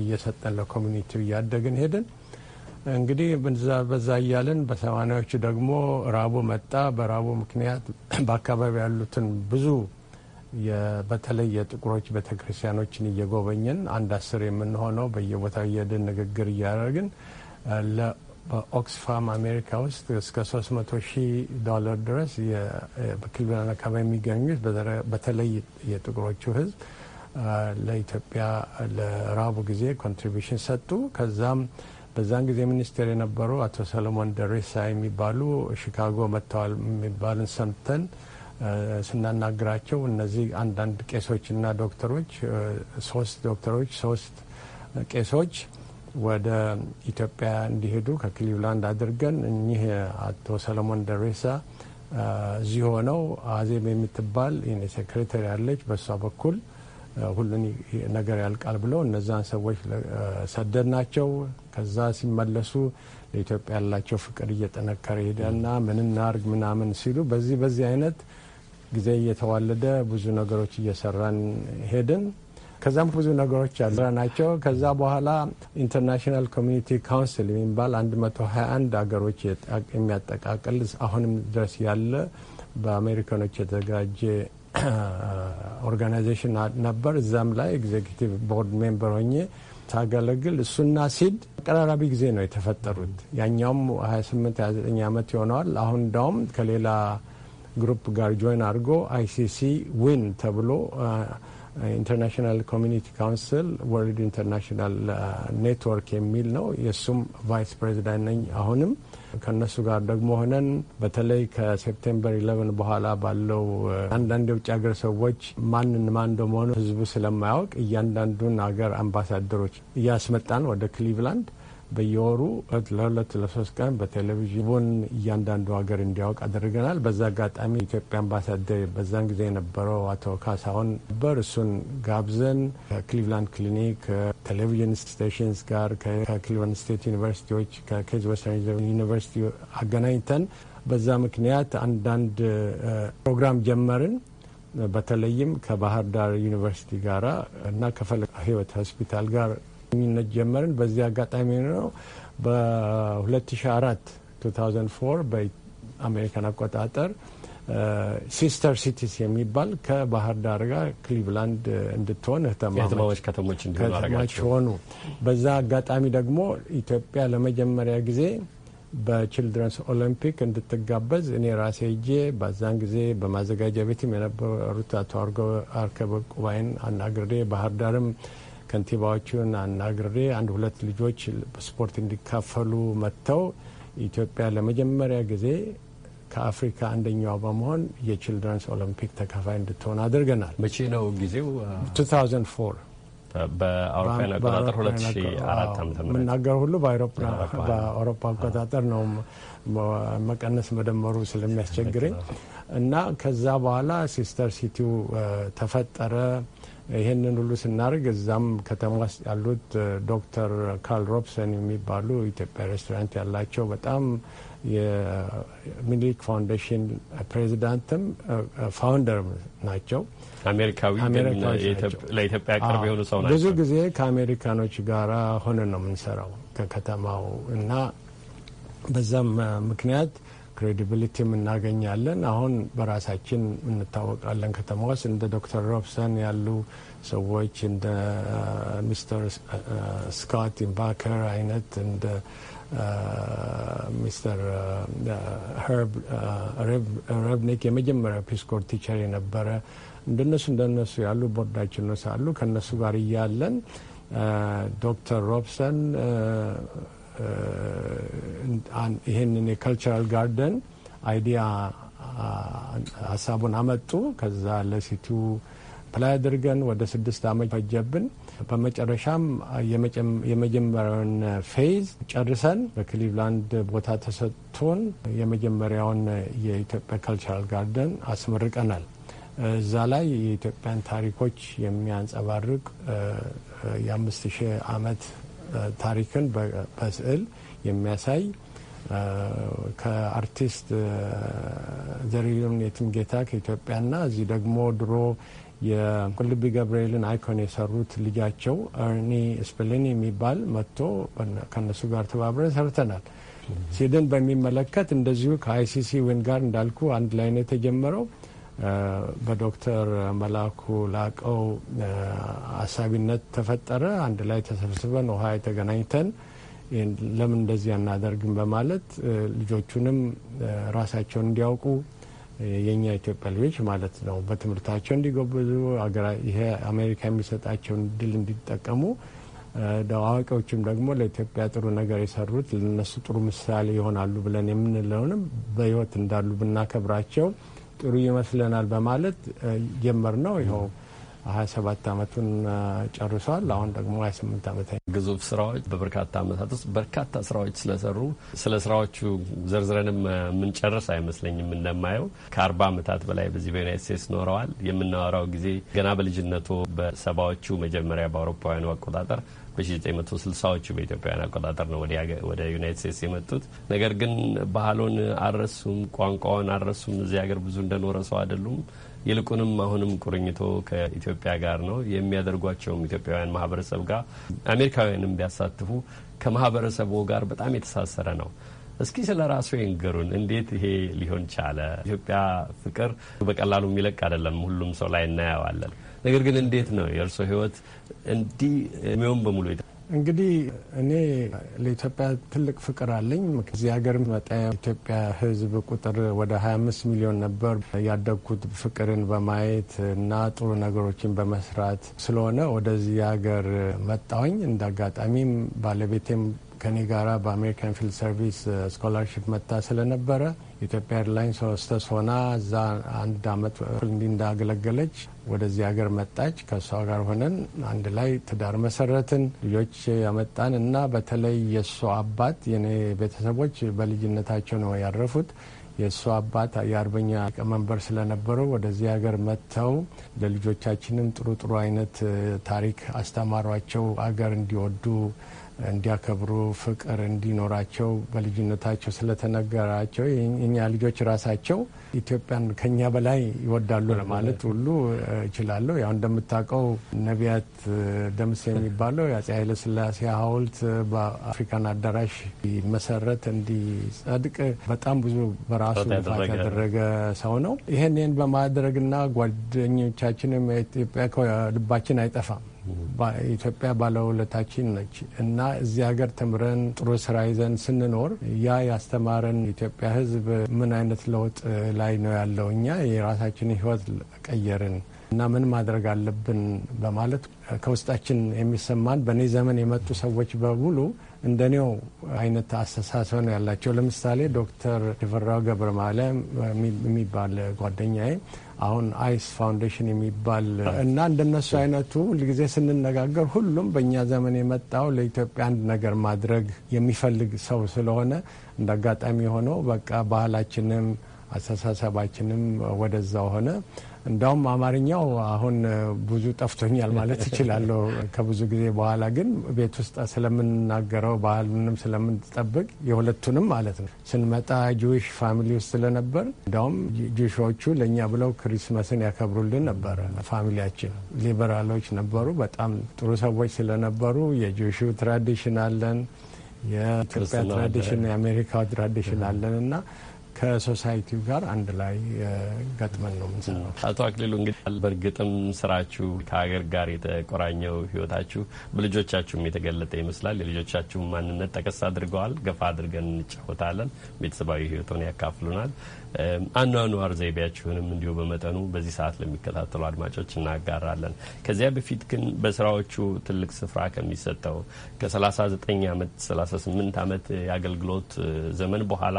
እየሰጠን ለኮሚኒቲው እያደግን ሄድን። እንግዲህ በዛ እያልን በሰማኒያዎቹ ደግሞ ራቡ መጣ። በራቡ ምክንያት በአካባቢ ያሉትን ብዙ በተለይ የጥቁሮች ቤተክርስቲያኖችን እየጎበኘን አንድ አስር የምንሆነው በየቦታው እየሄድን ንግግር እያደረግን በኦክስፋም አሜሪካ ውስጥ እስከ 300 ሺህ ዶላር ድረስ በክልሉና አካባቢ የሚገኙት በተለይ የጥቁሮቹ ህዝብ ለኢትዮጵያ ለራቡ ጊዜ ኮንትሪቢሽን ሰጡ። ከዛም በዛን ጊዜ ሚኒስቴር የነበሩ አቶ ሰለሞን ደሬሳ የሚባሉ ሺካጎ መጥተዋል የሚባልን ሰምተን ስናናግራቸው እነዚህ አንዳንድ ቄሶችና ዶክተሮች ሶስት ዶክተሮች ሶስት ቄሶች ወደ ኢትዮጵያ እንዲሄዱ ከክሊቭላንድ አድርገን እኚህ አቶ ሰለሞን ደሬሳ እዚህ ሆነው አዜም የምትባል ሴክሬተሪ ያለች በእሷ በኩል ሁሉን ነገር ያልቃል ብለው እነዛን ሰዎች ሰደድ ናቸው። ከዛ ሲመለሱ ለኢትዮጵያ ያላቸው ፍቅር እየጠነከረ ሄደና ምን እናርግ ምናምን ሲሉ በዚህ በዚህ አይነት ጊዜ እየተዋለደ ብዙ ነገሮች እየሰራን ሄድን። ከዛም ብዙ ነገሮች አለ ናቸው። ከዛ በኋላ ኢንተርናሽናል ኮሚኒቲ ካውንስል የሚባል 121 ሀገሮች የሚያጠቃቅል አሁንም ድረስ ያለ በአሜሪካኖች የተዘጋጀ ኦርጋናይዜሽን ነበር። እዛም ላይ ኤግዜኪቲቭ ቦርድ ሜምበር ሆኜ ሳገለግል እሱና ሲድ አቀራራቢ ጊዜ ነው የተፈጠሩት። ያኛውም 28 29 ዓመት ይሆነዋል። አሁን እንዳውም ከሌላ ግሩፕ ጋር ጆይን አድርጎ አይሲሲ ዊን ተብሎ ኢንተርናሽናል ኮሚኒቲ ካውንስል ወርልድ ኢንተርናሽናል ኔትወርክ የሚል ነው። የእሱም ቫይስ ፕሬዚዳንት ነኝ። አሁንም ከእነሱ ጋር ደግሞ ሆነን በተለይ ከሴፕቴምበር ኢለቨን በኋላ ባለው uh, አንዳንድ የውጭ ሀገር ሰዎች ማንን ማን እንደመሆኑ ህዝቡ ስለማያውቅ እያንዳንዱን ሀገር አምባሳደሮች እያስመጣን ወደ ክሊቭላንድ በየወሩ ለሁለት ለሶስት ቀን በቴሌቪዥን እያንዳንዱ ሀገር እንዲያውቅ አድርገናል። በዛ አጋጣሚ ኢትዮጵያ አምባሳደር በዛን ጊዜ የነበረው አቶ ካሳሁን ነበር። እሱን ጋብዘን ከክሊቭላንድ ክሊኒክ ቴሌቪዥን ስቴሽንስ ጋር ከክሊቭላንድ ስቴት ዩኒቨርሲቲዎች ከኬዝ ወስተርን ዩኒቨርሲቲ አገናኝተን በዛ ምክንያት አንዳንድ ፕሮግራም ጀመርን። በተለይም ከባህር ዳር ዩኒቨርሲቲ ጋራ እና ከፈለ ህይወት ሆስፒታል ጋር ግንኙነት ጀመርን። በዚህ አጋጣሚ ነው በ2004 በአሜሪካን አቆጣጠር ሲስተር ሲቲስ የሚባል ከባህር ዳር ጋር ክሊቭላንድ እንድትሆን ህተማዎች ከተሞች ሆኑ። በዛ አጋጣሚ ደግሞ ኢትዮጵያ ለመጀመሪያ ጊዜ በችልድረንስ ኦሎምፒክ እንድትጋበዝ እኔ ራሴ እጄ በዛን ጊዜ በማዘጋጃ ቤትም የነበሩት አቶ አርከበ ቁባይን አናግሬ ባህር ዳርም ከንቲባዎቹን አናግሬ አንድ ሁለት ልጆች ስፖርት እንዲካፈሉ መጥተው ኢትዮጵያ ለመጀመሪያ ጊዜ ከአፍሪካ አንደኛዋ በመሆን የችልድረንስ ኦሎምፒክ ተካፋይ እንድትሆን አድርገናል። መቼ ነው ጊዜው? 2004 አቆጣጠር የምናገር ሁሉ በአውሮፓ አቆጣጠር ነው። መቀነስ መደመሩ ስለሚያስቸግረኝ እና ከዛ በኋላ ሲስተር ሲቲው ተፈጠረ። ይህንን ሁሉ ስናደርግ እዛም ከተማ ውስጥ ያሉት ዶክተር ካርል ሮብሰን የሚባሉ ኢትዮጵያ ሬስቶራንት ያላቸው በጣም የሚኒሊክ ፋውንዴሽን ፕሬዚዳንትም ፋውንደርም ናቸው። አሜሪካዊ ለኢትዮጵያ ቅርብ የሆኑ ሰው ናቸው። ብዙ ጊዜ ከአሜሪካኖች ጋር ሆነ ነው የምንሰራው ከከተማው እና በዛም ምክንያት ክሬዲቢሊቲም እናገኛለን። አሁን በራሳችን እንታወቃለን። ከተማ ውስጥ እንደ ዶክተር ሮብሰን ያሉ ሰዎች እንደ uh, ሚስተር uh, ስኮት ኢምባከር አይነት እንደ uh, ሚስተር ረብኒክ የመጀመሪያ ፒስኮር ቲቸር የነበረ እንደነሱ እንደነሱ ያሉ ቦርዳችን ውስጥ አሉ። ከእነሱ ጋር እያለን ዶክተር ሮብሰን ይህንን የካልቸራል ጋርደን አይዲያ ሀሳቡን አመጡ። ከዛ ለሲቱ ፕላይ አድርገን ወደ ስድስት ዓመት ፈጀብን። በመጨረሻም የመጀመሪያውን ፌዝ ጨርሰን በክሊቭላንድ ቦታ ተሰጥቶን የመጀመሪያውን የኢትዮጵያ ካልቸራል ጋርደን አስመርቀናል። እዛ ላይ የኢትዮጵያን ታሪኮች የሚያንጸባርቅ የአምስት ሺህ አመት ታሪክን በስዕል የሚያሳይ ከአርቲስት ዘሪሁን የትምጌታ ከኢትዮጵያና እዚህ ደግሞ ድሮ የቁልቢ ገብርኤልን አይኮን የሰሩት ልጃቸው እርኒ ስፕሊን የሚባል መጥቶ ከነሱ ጋር ተባብረን ሰርተናል። ሲድን በሚመለከት እንደዚሁ ከአይሲሲ ዊን ጋር እንዳልኩ አንድ ላይ ነው የተጀመረው። በዶክተር መላኩ ላቀው አሳቢነት ተፈጠረ። አንድ ላይ ተሰብስበን ውሃ የተገናኝተን ለምን እንደዚህ አናደርግም በማለት ልጆቹንም ራሳቸውን እንዲያውቁ የኛ ኢትዮጵያ ልጆች ማለት ነው በትምህርታቸው እንዲጎብዙ ይሄ አሜሪካ የሚሰጣቸውን ድል እንዲጠቀሙ አዋቂዎችም ደግሞ ለኢትዮጵያ ጥሩ ነገር የሰሩት ለነሱ ጥሩ ምሳሌ ይሆናሉ ብለን የምንለውንም በሕይወት እንዳሉ ብናከብራቸው ጥሩ ይመስለናል በማለት ጀመር ነው። ይኸው ሰባት ዓመቱን ጨርሷል። አሁን ደግሞ 28 አመት ግዙፍ ስራዎች በበርካታ ዓመታት ውስጥ በርካታ ስራዎች ስለሰሩ ስለ ስራዎቹ ዘርዝረንም የምንጨርስ አይመስለኝም። እንደማየው ከአርባ ዓመታት በላይ በዚህ በዩናይት ስቴትስ ኖረዋል። የምናወራው ጊዜ ገና በልጅነቱ በሰባዎቹ መጀመሪያ በአውሮፓውያኑ አቆጣጠር በ1960ዎቹ በኢትዮጵያውያን አቆጣጠር ነው ወደ ዩናይት ስቴትስ የመጡት። ነገር ግን ባህሉን አልረሱም፣ ቋንቋውን አልረሱም። እዚህ ሀገር ብዙ እንደኖረ ሰው አይደሉም። ይልቁንም አሁንም ቁርኝቶ ከኢትዮጵያ ጋር ነው የሚያደርጓቸውም ኢትዮጵያውያን ማህበረሰብ ጋር አሜሪካውያንም ቢያሳትፉ ከማህበረሰቡ ጋር በጣም የተሳሰረ ነው። እስኪ ስለ ራሱ ይንገሩን። እንዴት ይሄ ሊሆን ቻለ? ኢትዮጵያ ፍቅር በቀላሉ የሚለቅ አይደለም። ሁሉም ሰው ላይ እናየዋለን። ነገር ግን እንዴት ነው የእርሶ ህይወት እንዲህ ሚሆን በሙሉ እንግዲህ እኔ ለኢትዮጵያ ትልቅ ፍቅር አለኝ። እዚህ ሀገር መጣ ኢትዮጵያ ህዝብ ቁጥር ወደ 25 ሚሊዮን ነበር። ያደግኩት ፍቅርን በማየት እና ጥሩ ነገሮችን በመስራት ስለሆነ ወደዚህ ሀገር መጣውኝ እንደ አጋጣሚም ባለቤቴም ከኔ ጋራ በአሜሪካን ፊልድ ሰርቪስ ስኮላርሽፕ መታ ስለነበረ ኢትዮጵያ ኤርላይንስ ሆስተስ ሆና እዛ አንድ አመት እንዲ እንዳገለገለች ወደዚህ ሀገር መጣች። ከእሷ ጋር ሆነን አንድ ላይ ትዳር መሰረትን፣ ልጆች ያመጣን እና በተለይ የእሱ አባት የኔ ቤተሰቦች በልጅነታቸው ነው ያረፉት። የእሱ አባት የአርበኛ ሊቀመንበር ስለነበሩ ወደዚህ ሀገር መጥተው ለልጆቻችንም ጥሩ ጥሩ አይነት ታሪክ አስተማሯቸው። አገር እንዲወዱ እንዲያከብሩ ፍቅር እንዲኖራቸው በልጅነታቸው ስለተነገራቸው የእኛ ልጆች ራሳቸው ኢትዮጵያን ከኛ በላይ ይወዳሉ ለማለት ሁሉ እችላለሁ። ያው እንደምታውቀው ነቢያት ደምስ የሚባለው የአጼ ኃይለ ስላሴ ሐውልት በአፍሪካን አዳራሽ መሰረት እንዲጸድቅ በጣም ብዙ በራሱ ልፋት ያደረገ ሰው ነው። ይህን በማድረግና ጓደኞቻችንም ኢትዮጵያ ልባችን አይጠፋም ኢትዮጵያ ባለውለታችን ነች እና እዚህ ሀገር ተምረን ጥሩ ስራ ይዘን ስንኖር ያ ያስተማረን ኢትዮጵያ ሕዝብ ምን አይነት ለውጥ ላይ ነው ያለው እኛ የራሳችን ሕይወት ቀየርን እና ምን ማድረግ አለብን በማለት ከውስጣችን የሚሰማን በእኔ ዘመን የመጡ ሰዎች በሙሉ እንደኔው አይነት አስተሳሰብ ነው ያላቸው። ለምሳሌ ዶክተር ሽፈራው ገብረ ማርያም የሚባል ጓደኛዬ አሁን አይስ ፋውንዴሽን የሚባል እና እንደነሱ አይነቱ ሁልጊዜ ስንነጋገር ሁሉም በእኛ ዘመን የመጣው ለኢትዮጵያ አንድ ነገር ማድረግ የሚፈልግ ሰው ስለሆነ እንደ አጋጣሚ የሆነው በቃ ባህላችንም አስተሳሰባችንም ወደዛ ሆነ። እንዳውም አማርኛው አሁን ብዙ ጠፍቶኛል ማለት እችላለሁ። ከብዙ ጊዜ በኋላ ግን ቤት ውስጥ ስለምናገረው ባህሉንም ስለምንጠብቅ የሁለቱንም ማለት ነው። ስንመጣ ጁዊሽ ፋሚሊ ውስጥ ስለነበር እንዳውም ጁሾቹ ለእኛ ብለው ክሪስመስን ያከብሩልን ነበረ። ፋሚሊያችን ሊበራሎች ነበሩ። በጣም ጥሩ ሰዎች ስለነበሩ የጁሹ ትራዲሽን አለን፣ የኢትዮጵያ ትራዲሽን፣ የአሜሪካ ትራዲሽን አለን እና ከሶሳይቲው ጋር አንድ ላይ ገጥመን ነው ምንሰራው። አቶ አክሊሉ እንግዲህ በእርግጥም ስራችሁ ከሀገር ጋር የተቆራኘው ህይወታችሁ በልጆቻችሁም የተገለጠ ይመስላል። የልጆቻችሁን ማንነት ጠቀስ አድርገዋል። ገፋ አድርገን እንጫወታለን። ቤተሰባዊ ህይወቶን ያካፍሉናል። አኗኗር ዘይቤያችሁንም እንዲሁ በመጠኑ በዚህ ሰዓት ለሚከታተሉ አድማጮች እናጋራለን። ከዚያ በፊት ግን በስራዎቹ ትልቅ ስፍራ ከሚሰጠው ከ39 ዓመት 38 ዓመት የአገልግሎት ዘመን በኋላ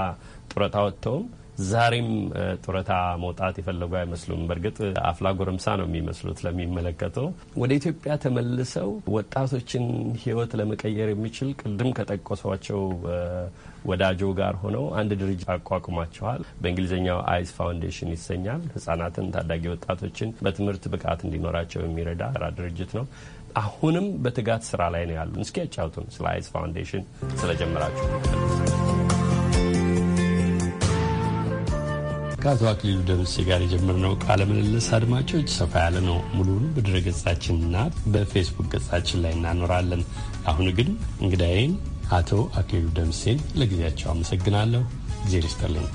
ጡረታ ወጥተውም ዛሬም ጡረታ መውጣት የፈለጉ አይመስሉም። በእርግጥ አፍላ ጎረምሳ ነው የሚመስሉት ለሚመለከተው። ወደ ኢትዮጵያ ተመልሰው ወጣቶችን ሕይወት ለመቀየር የሚችል ቅድም ከጠቀሷቸው ወዳጆ ጋር ሆነው አንድ ድርጅት አቋቁሟቸዋል። በእንግሊዝኛው አይስ ፋውንዴሽን ይሰኛል። ህጻናትን፣ ታዳጊ ወጣቶችን በትምህርት ብቃት እንዲኖራቸው የሚረዳ ራ ድርጅት ነው። አሁንም በትጋት ስራ ላይ ነው ያሉ። እስኪ ያጫውቱን ስለ አይስ ፋውንዴሽን ስለጀመራችሁ ከአቶ አክሊሉ ደምሴ ጋር የጀመርነው ቃለ ምልልስ አድማጮች ሰፋ ያለ ነው። ሙሉውን በድረገጻችንና በፌስቡክ ገጻችን ላይ እናኖራለን። አሁን ግን እንግዳዬን አቶ አክሊሉ ደምሴን ለጊዜያቸው አመሰግናለሁ። እግዜር ይስጥልኝ።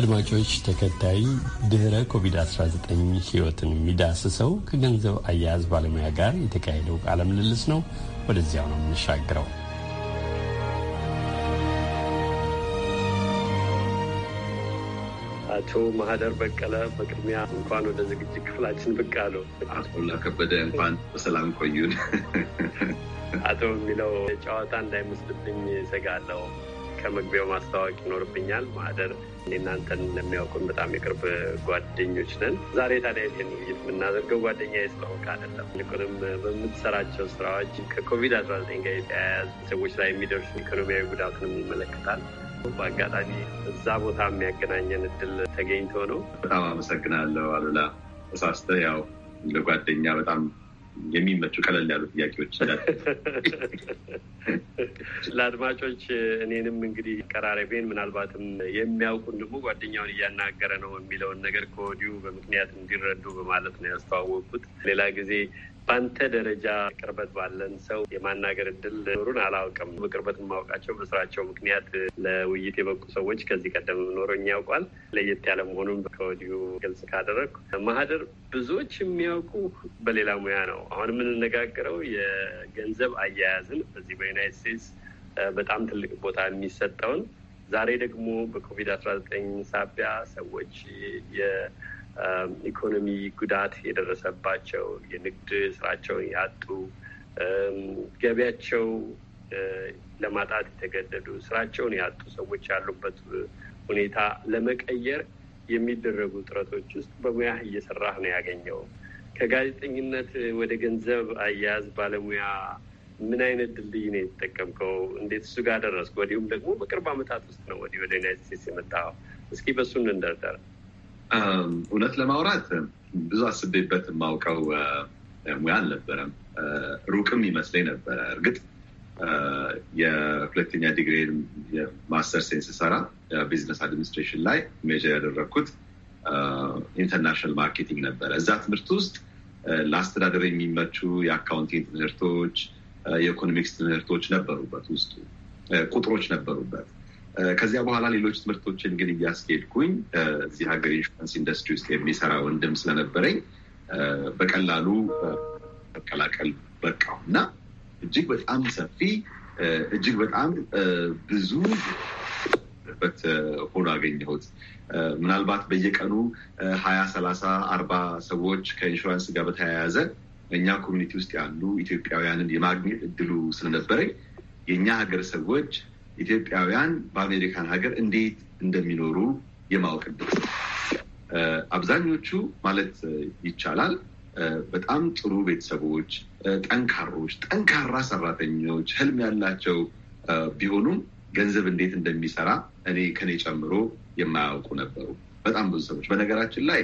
አድማጮች፣ ተከታይ ድህረ ኮቪድ-19 ህይወትን የሚዳስሰው ከገንዘብ አያያዝ ባለሙያ ጋር የተካሄደው ቃለ ምልልስ ነው። ወደዚያው ነው የምንሻግረው። አቶ ማህደር በቀለ በቅድሚያ እንኳን ወደ ዝግጅት ክፍላችን ብቅ አሉ። አቶ ከበደ እንኳን በሰላም ቆዩን። አቶ የሚለው ጨዋታ እንዳይመስልብኝ እሰጋለሁ። ከመግቢያው ማስታወቅ ይኖርብኛል። ማህደር እናንተን እንደሚያውቁን በጣም የቅርብ ጓደኞች ነን። ዛሬ ታዲያ ይህን ውይይት የምናደርገው ጓደኛ ስለሆንክ አይደለም። ይልቁንም በምትሰራቸው ስራዎች ከኮቪድ 19 ዘጠኝ ጋር የተያያዙ ሰዎች ላይ የሚደርሱ ኢኮኖሚያዊ ጉዳቱንም ይመለከታል። በአጋጣሚ እዛ ቦታ የሚያገናኘን እድል ተገኝቶ ነው። በጣም አመሰግናለሁ አሉላ። ተሳስተ ያው ለጓደኛ በጣም የሚመቹ ቀለል ያሉ ጥያቄዎች ስላለ ለአድማጮች እኔንም እንግዲህ ቀራረቤን ምናልባትም የሚያውቁን ደግሞ ጓደኛውን እያናገረ ነው የሚለውን ነገር ከወዲሁ በምክንያት እንዲረዱ በማለት ነው ያስተዋወቅኩት። ሌላ ጊዜ በአንተ ደረጃ ቅርበት ባለን ሰው የማናገር እድል ኖሩን አላውቅም። በቅርበት የማውቃቸው በስራቸው ምክንያት ለውይይት የበቁ ሰዎች ከዚህ ቀደም ኖሮኝ ያውቋል። ለየት ያለ መሆኑን ከወዲሁ ግልጽ ካደረግኩ ማህደር ብዙዎች የሚያውቁ በሌላ ሙያ ነው። አሁን የምንነጋገረው የገንዘብ አያያዝን በዚህ በዩናይት ስቴትስ በጣም ትልቅ ቦታ የሚሰጠውን ዛሬ ደግሞ በኮቪድ አስራ ዘጠኝ ሳቢያ ሰዎች ኢኮኖሚ ጉዳት የደረሰባቸው፣ የንግድ ስራቸውን ያጡ፣ ገቢያቸው ለማጣት የተገደዱ፣ ስራቸውን ያጡ ሰዎች ያሉበት ሁኔታ ለመቀየር የሚደረጉ ጥረቶች ውስጥ በሙያህ እየሰራህ ነው ያገኘው። ከጋዜጠኝነት ወደ ገንዘብ አያያዝ ባለሙያ ምን አይነት ድልድይ ነው የተጠቀምከው? እንዴት እሱ ጋር ደረስኩ? ወዲሁም ደግሞ በቅርብ ዓመታት ውስጥ ነው ወዲህ ወደ ዩናይት ስቴትስ የመጣኸው። እስኪ በሱ እንደርደር። እውነት ለማውራት ብዙ አስቤበት የማውቀው ሙያ አልነበረም። ሩቅም ይመስለኝ ነበረ። እርግጥ የሁለተኛ ዲግሪ ማስተር ሴንስ ሰራ ቢዝነስ አድሚኒስትሬሽን ላይ ሜጀር ያደረግኩት ኢንተርናሽናል ማርኬቲንግ ነበረ። እዛ ትምህርት ውስጥ ለአስተዳደር የሚመቹ የአካውንቲንግ ትምህርቶች፣ የኢኮኖሚክስ ትምህርቶች ነበሩበት፣ ውስጡ ቁጥሮች ነበሩበት። ከዚያ በኋላ ሌሎች ትምህርቶችን ግን እያስኬድኩኝ እዚህ ሀገር ኢንሹራንስ ኢንዱስትሪ ውስጥ የሚሰራ ወንድም ስለነበረኝ በቀላሉ መቀላቀል በቃው እና እጅግ በጣም ሰፊ እጅግ በጣም ብዙ በት ሆኖ አገኘሁት። ምናልባት በየቀኑ ሀያ ሰላሳ አርባ ሰዎች ከኢንሹራንስ ጋር በተያያዘ እኛ ኮሚኒቲ ውስጥ ያሉ ኢትዮጵያውያንን የማግኘት እድሉ ስለነበረኝ የእኛ ሀገር ሰዎች ኢትዮጵያውያን በአሜሪካን ሀገር እንዴት እንደሚኖሩ የማወቅ እድል አብዛኞቹ ማለት ይቻላል በጣም ጥሩ ቤተሰቦች፣ ጠንካሮች፣ ጠንካራ ሰራተኞች፣ ህልም ያላቸው ቢሆኑም ገንዘብ እንዴት እንደሚሰራ እኔ ከኔ ጨምሮ የማያውቁ ነበሩ። በጣም ብዙ ሰዎች በነገራችን ላይ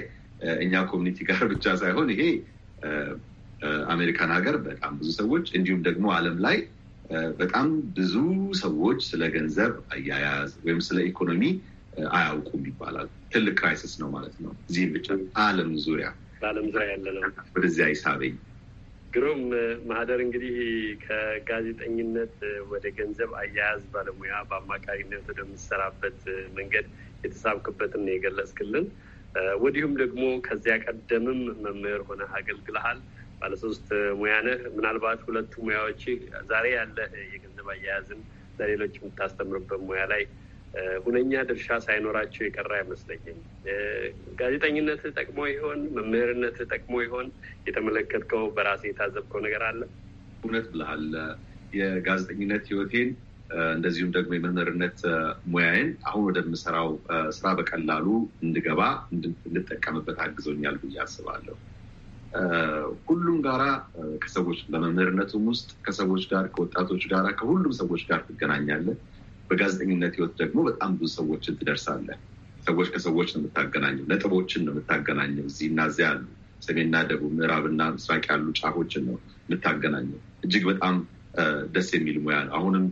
እኛ ኮሚኒቲ ጋር ብቻ ሳይሆን ይሄ አሜሪካን ሀገር በጣም ብዙ ሰዎች እንዲሁም ደግሞ ዓለም ላይ በጣም ብዙ ሰዎች ስለ ገንዘብ አያያዝ ወይም ስለ ኢኮኖሚ አያውቁም ይባላል። ትልቅ ክራይሲስ ነው ማለት ነው። እዚህም ብቻ ዓለም ዙሪያ በዓለም ዙሪያ ያለ ነው። ወደዚያ ይሳበኝ። ግሩም ማህደር፣ እንግዲህ ከጋዜጠኝነት ወደ ገንዘብ አያያዝ ባለሙያ በአማካሪነት ወደምሰራበት መንገድ የተሳብክበትን ነው የገለጽክልን። ወዲሁም ደግሞ ከዚያ ቀደምም መምህር ሆነ አገልግልሃል። ባለሶስት ሙያ ነህ። ምናልባት ሁለቱ ሙያዎች ዛሬ ያለ የገንዘብ አያያዝን ለሌሎች የምታስተምርበት ሙያ ላይ ሁነኛ ድርሻ ሳይኖራቸው የቀረ አይመስለኝም። ጋዜጠኝነት ጠቅሞ ይሆን? መምህርነት ጠቅሞ ይሆን? የተመለከትከው በራሴ የታዘብከው ነገር አለ? እውነት ብልሃል። የጋዜጠኝነት ህይወቴን እንደዚሁም ደግሞ የመምህርነት ሙያዬን አሁን ወደምሰራው ስራ በቀላሉ እንድገባ እንድጠቀምበት አግዞኛል ብዬ አስባለሁ። ሁሉም ጋራ ከሰዎች በመምህርነቱም ውስጥ ከሰዎች ጋር ከወጣቶች ጋር ከሁሉም ሰዎች ጋር ትገናኛለህ። በጋዜጠኝነት ህይወት ደግሞ በጣም ብዙ ሰዎችን ትደርሳለህ። ሰዎች ከሰዎች ነው የምታገናኘው። ነጥቦችን ነው የምታገናኘው። እዚህ እና እዚያ ያሉ ሰሜንና ደቡብ፣ ምዕራብና ምስራቅ ያሉ ጫፎችን ነው የምታገናኘው። እጅግ በጣም ደስ የሚል ሙያ ነው። አሁንም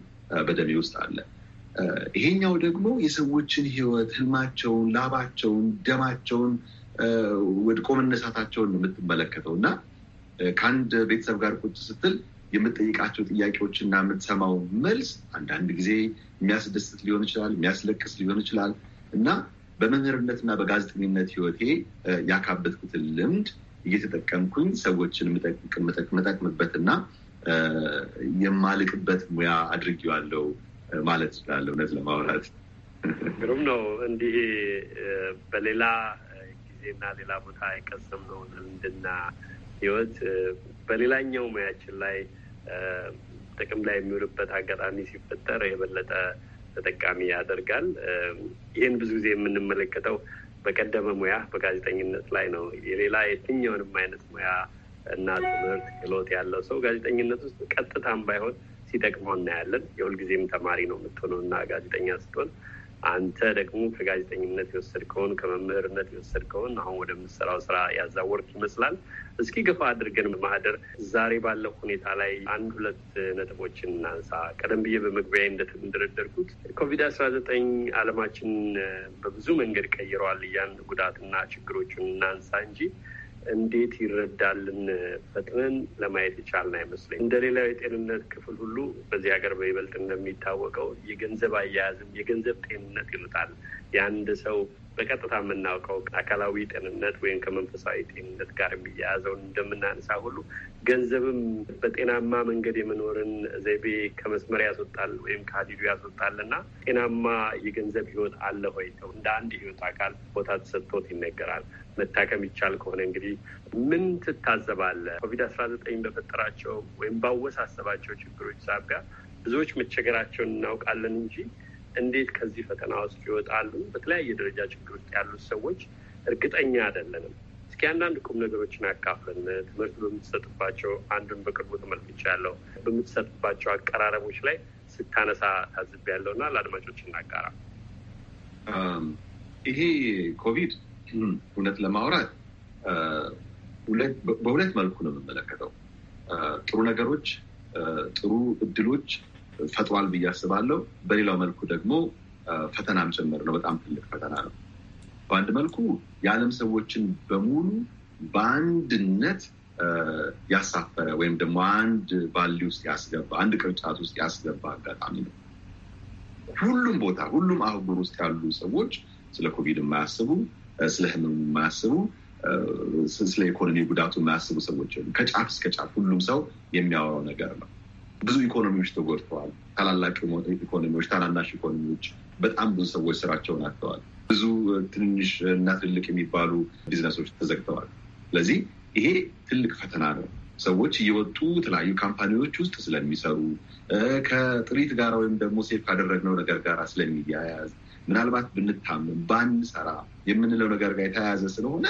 በደሜ ውስጥ አለ። ይሄኛው ደግሞ የሰዎችን ህይወት፣ ህልማቸውን፣ ላባቸውን፣ ደማቸውን ወድቆ መነሳታቸውን ነው የምትመለከተው እና ከአንድ ቤተሰብ ጋር ቁጭ ስትል የምጠይቃቸው ጥያቄዎችና የምትሰማው መልስ አንዳንድ ጊዜ የሚያስደስት ሊሆን ይችላል፣ የሚያስለቅስ ሊሆን ይችላል እና እና በጋዜጠኝነት ሕይወቴ ያካበትኩትን ልምድ እየተጠቀምኩኝ ሰዎችን እና የማልቅበት ሙያ አድርጌዋለሁ ማለት እችላለሁ። እውነት ለማውራት ግሩም ነው። እንዲህ በሌላ ጊዜና ሌላ ቦታ ነው ልምድና ህይወት በሌላኛው ሙያችን ላይ ጥቅም ላይ የሚውልበት አጋጣሚ ሲፈጠር የበለጠ ተጠቃሚ ያደርጋል። ይህን ብዙ ጊዜ የምንመለከተው በቀደመ ሙያ በጋዜጠኝነት ላይ ነው። የሌላ የትኛውንም አይነት ሙያ እና ትምህርት ክህሎት ያለው ሰው ጋዜጠኝነት ውስጥ ቀጥታም ባይሆን ሲጠቅመው እናያለን። የሁልጊዜም ተማሪ ነው የምትሆነው እና ጋዜጠኛ ስትሆን አንተ ደግሞ ከጋዜጠኝነት የወሰድከውን ከመምህርነት የወሰድከውን አሁን ወደምሰራው ስራ ያዛወርክ ይመስላል። እስኪ ገፋ አድርገን ማህደር ዛሬ ባለው ሁኔታ ላይ አንድ ሁለት ነጥቦችን እናንሳ። ቀደም ብዬ በመግቢያ እንደተንደረደርኩት ኮቪድ አስራ ዘጠኝ አለማችን በብዙ መንገድ ቀይረዋል እያንድ ጉዳትና ችግሮቹን እናንሳ እንጂ እንዴት ይረዳልን ፈጥነን ለማየት ይቻልን አይመስለኝ። እንደ ሌላው የጤንነት ክፍል ሁሉ በዚህ ሀገር በይበልጥ እንደሚታወቀው የገንዘብ አያያዝም የገንዘብ ጤንነት ይሉታል። የአንድ ሰው በቀጥታ የምናውቀው አካላዊ ጤንነት ወይም ከመንፈሳዊ ጤንነት ጋር የሚያያዘውን እንደምናነሳ ሁሉ ገንዘብም በጤናማ መንገድ የመኖርን ዘይቤ ከመስመር ያስወጣል ወይም ከሀዲዱ ያስወጣል እና ጤናማ የገንዘብ ህይወት አለ ሆይ ተው እንደ አንድ ህይወት አካል ቦታ ተሰጥቶት ይነገራል። መታከም ይቻል ከሆነ እንግዲህ ምን ትታዘባለህ? ኮቪድ አስራ ዘጠኝ በፈጠራቸው ወይም ባወሳሰባቸው ችግሮች ሳቢያ ብዙዎች መቸገራቸውን እናውቃለን እንጂ እንዴት ከዚህ ፈተና ውስጥ ይወጣሉ? በተለያየ ደረጃ ችግር ውስጥ ያሉት ሰዎች እርግጠኛ አይደለንም። እስኪ አንዳንድ ቁም ነገሮችን አካፍልን። ትምህርት በምትሰጥባቸው አንዱን በቅርቡ ተመልክቻለሁ፣ በምትሰጥባቸው አቀራረቦች ላይ ስታነሳ ያለው እና ለአድማጮች እናጋራ። ይሄ ኮቪድ እውነት ለማውራት በሁለት መልኩ ነው የምመለከተው። ጥሩ ነገሮች፣ ጥሩ እድሎች ፈጥሯል ብዬ አስባለሁ። በሌላው መልኩ ደግሞ ፈተናም ጭምር ነው። በጣም ትልቅ ፈተና ነው። በአንድ መልኩ የዓለም ሰዎችን በሙሉ በአንድነት ያሳፈረ ወይም ደግሞ አንድ ባሊ ውስጥ ያስገባ አንድ ቅርጫት ውስጥ ያስገባ አጋጣሚ ነው። ሁሉም ቦታ ሁሉም አህጉር ውስጥ ያሉ ሰዎች ስለ ኮቪድ የማያስቡ፣ ስለ ህመሙ የማያስቡ፣ ስለ ኢኮኖሚ ጉዳቱ የማያስቡ ሰዎች ከጫፍ እስከ ጫፍ ሁሉም ሰው የሚያወራው ነገር ነው። ብዙ ኢኮኖሚዎች ተጎድተዋል። ታላላቅ ኢኮኖሚዎች፣ ታናናሽ ኢኮኖሚዎች በጣም ብዙ ሰዎች ስራቸውን አጥተዋል። ብዙ ትንንሽ እና ትልቅ የሚባሉ ቢዝነሶች ተዘግተዋል። ስለዚህ ይሄ ትልቅ ፈተና ነው። ሰዎች እየወጡ የተለያዩ ካምፓኒዎች ውስጥ ስለሚሰሩ ከጥሪት ጋር ወይም ደግሞ ሴፍ ካደረግነው ነገር ጋር ስለሚያያዝ ምናልባት ብንታምም ባንሰራ የምንለው ነገር ጋር የተያያዘ ስለሆነ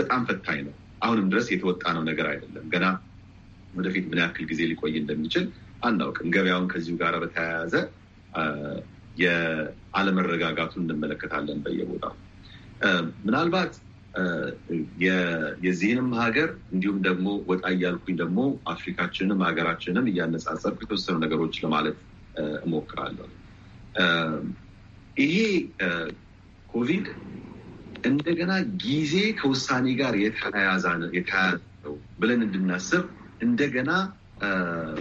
በጣም ፈታኝ ነው። አሁንም ድረስ የተወጣ ነው ነገር አይደለም። ገና ወደፊት ምን ያክል ጊዜ ሊቆይ እንደሚችል አናውቅም። ገበያውን ከዚሁ ጋር በተያያዘ የአለመረጋጋቱን እንመለከታለን በየቦታው ምናልባት የዚህንም ሀገር እንዲሁም ደግሞ ወጣ እያልኩኝ ደግሞ አፍሪካችንም ሀገራችንም እያነጻጸር የተወሰኑ ነገሮች ለማለት እሞክራለሁ። ይሄ ኮቪድ እንደገና ጊዜ ከውሳኔ ጋር የተያያዘ ነው ብለን እንድናስብ እንደገና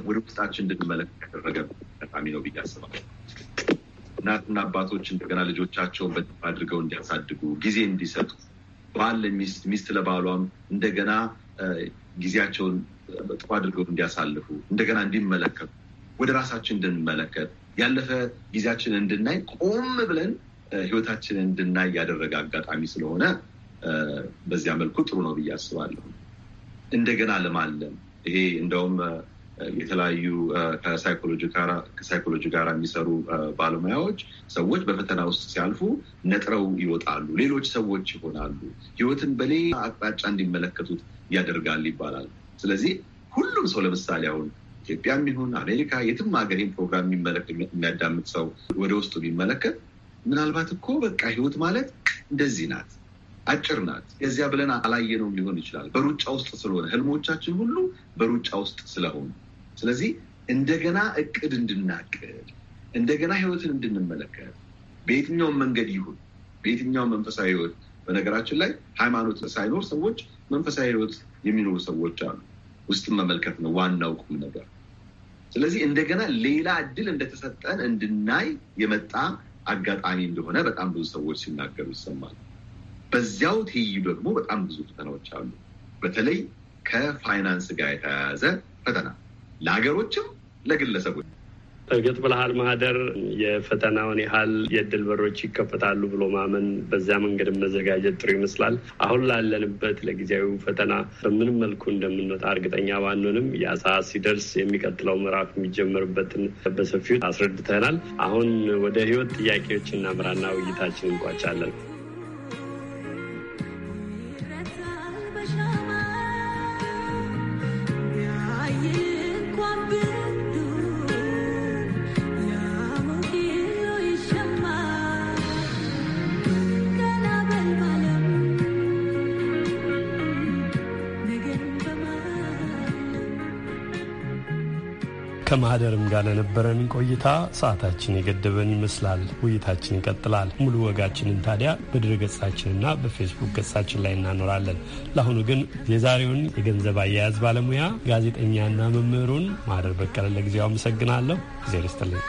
ወደ ውስጣችን እንድንመለከት ያደረገ ጠቃሚ ነው ብዬ አስባለሁ። እናትና አባቶች እንደገና ልጆቻቸውን በደንብ አድርገው እንዲያሳድጉ ጊዜ እንዲሰጡ፣ ባል ለሚስት ሚስት ለባሏም እንደገና ጊዜያቸውን ጥሩ አድርገው እንዲያሳልፉ እንደገና እንዲመለከቱ ወደ ራሳችን እንድንመለከት ያለፈ ጊዜያችንን እንድናይ ቆም ብለን ህይወታችን እንድናይ ያደረገ አጋጣሚ ስለሆነ በዚያ መልኩ ጥሩ ነው ብዬ አስባለሁ። እንደገና ለማለም ይሄ እንደውም የተለያዩ ከሳይኮሎጂ ጋር የሚሰሩ ባለሙያዎች ሰዎች በፈተና ውስጥ ሲያልፉ ነጥረው ይወጣሉ፣ ሌሎች ሰዎች ይሆናሉ፣ ህይወትን በሌላ አቅጣጫ እንዲመለከቱት ያደርጋል ይባላል። ስለዚህ ሁሉም ሰው ለምሳሌ አሁን ኢትዮጵያ የሚሆን አሜሪካ፣ የትም ሀገር ፕሮግራም የሚያዳምጥ ሰው ወደ ውስጡ ቢመለከት ምናልባት እኮ በቃ ህይወት ማለት እንደዚህ ናት አጭር ናት። የዚያ ብለን አላየነውም ሊሆን ይችላል። በሩጫ ውስጥ ስለሆነ ህልሞቻችን ሁሉ በሩጫ ውስጥ ስለሆኑ፣ ስለዚህ እንደገና እቅድ እንድናቅድ እንደገና ህይወትን እንድንመለከት በየትኛውም መንገድ ይሁን በየትኛውም መንፈሳዊ ህይወት በነገራችን ላይ ሃይማኖት ሳይኖር ሰዎች መንፈሳዊ ህይወት የሚኖሩ ሰዎች አሉ። ውስጥን መመልከት ነው ዋናው ቁም ነገር። ስለዚህ እንደገና ሌላ እድል እንደተሰጠን እንድናይ የመጣ አጋጣሚ እንደሆነ በጣም ብዙ ሰዎች ሲናገሩ ይሰማል። በዚያው ትይዩ ደግሞ በጣም ብዙ ፈተናዎች አሉ። በተለይ ከፋይናንስ ጋር የተያያዘ ፈተና ለሀገሮችም ለግለሰቦች እርግጥ ብልሃል ማህደር የፈተናውን ያህል የእድል በሮች ይከፈታሉ ብሎ ማመን በዚያ መንገድ መዘጋጀት ጥሩ ይመስላል። አሁን ላለንበት ለጊዜያዊው ፈተና በምንም መልኩ እንደምንወጣ እርግጠኛ ባንሆንም ያ ሰዓት ሲደርስ የሚቀጥለው ምዕራፍ የሚጀምርበትን በሰፊው አስረድተናል። አሁን ወደ ህይወት ጥያቄዎች እናምራና ውይይታችን እንቋጫለን። ከማህደርም ጋር ለነበረን ቆይታ ሰዓታችን የገደበን ይመስላል። ውይይታችን ይቀጥላል። ሙሉ ወጋችንን ታዲያ በድረ ገጻችንና በፌስቡክ ገጻችን ላይ እናኖራለን። ለአሁኑ ግን የዛሬውን የገንዘብ አያያዝ ባለሙያ ጋዜጠኛና መምህሩን ማህደር በቀለ ለጊዜው አመሰግናለሁ። ጊዜ ርስትልኝ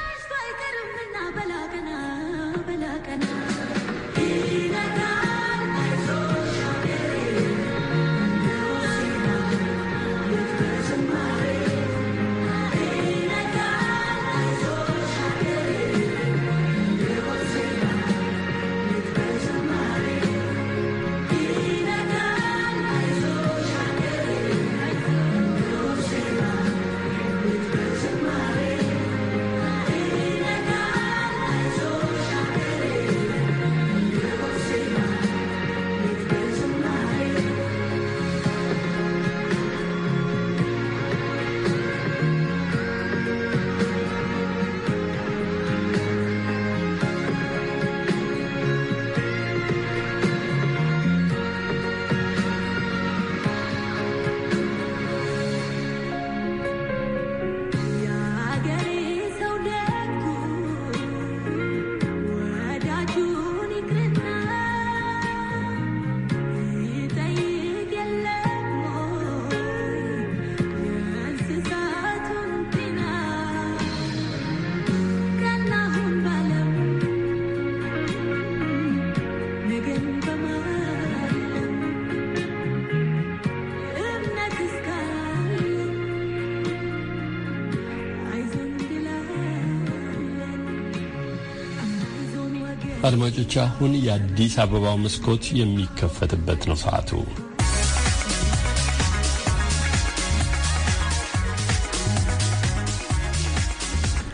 አድማጮች፣ አሁን የአዲስ አበባው መስኮት የሚከፈትበት ነው ሰዓቱ።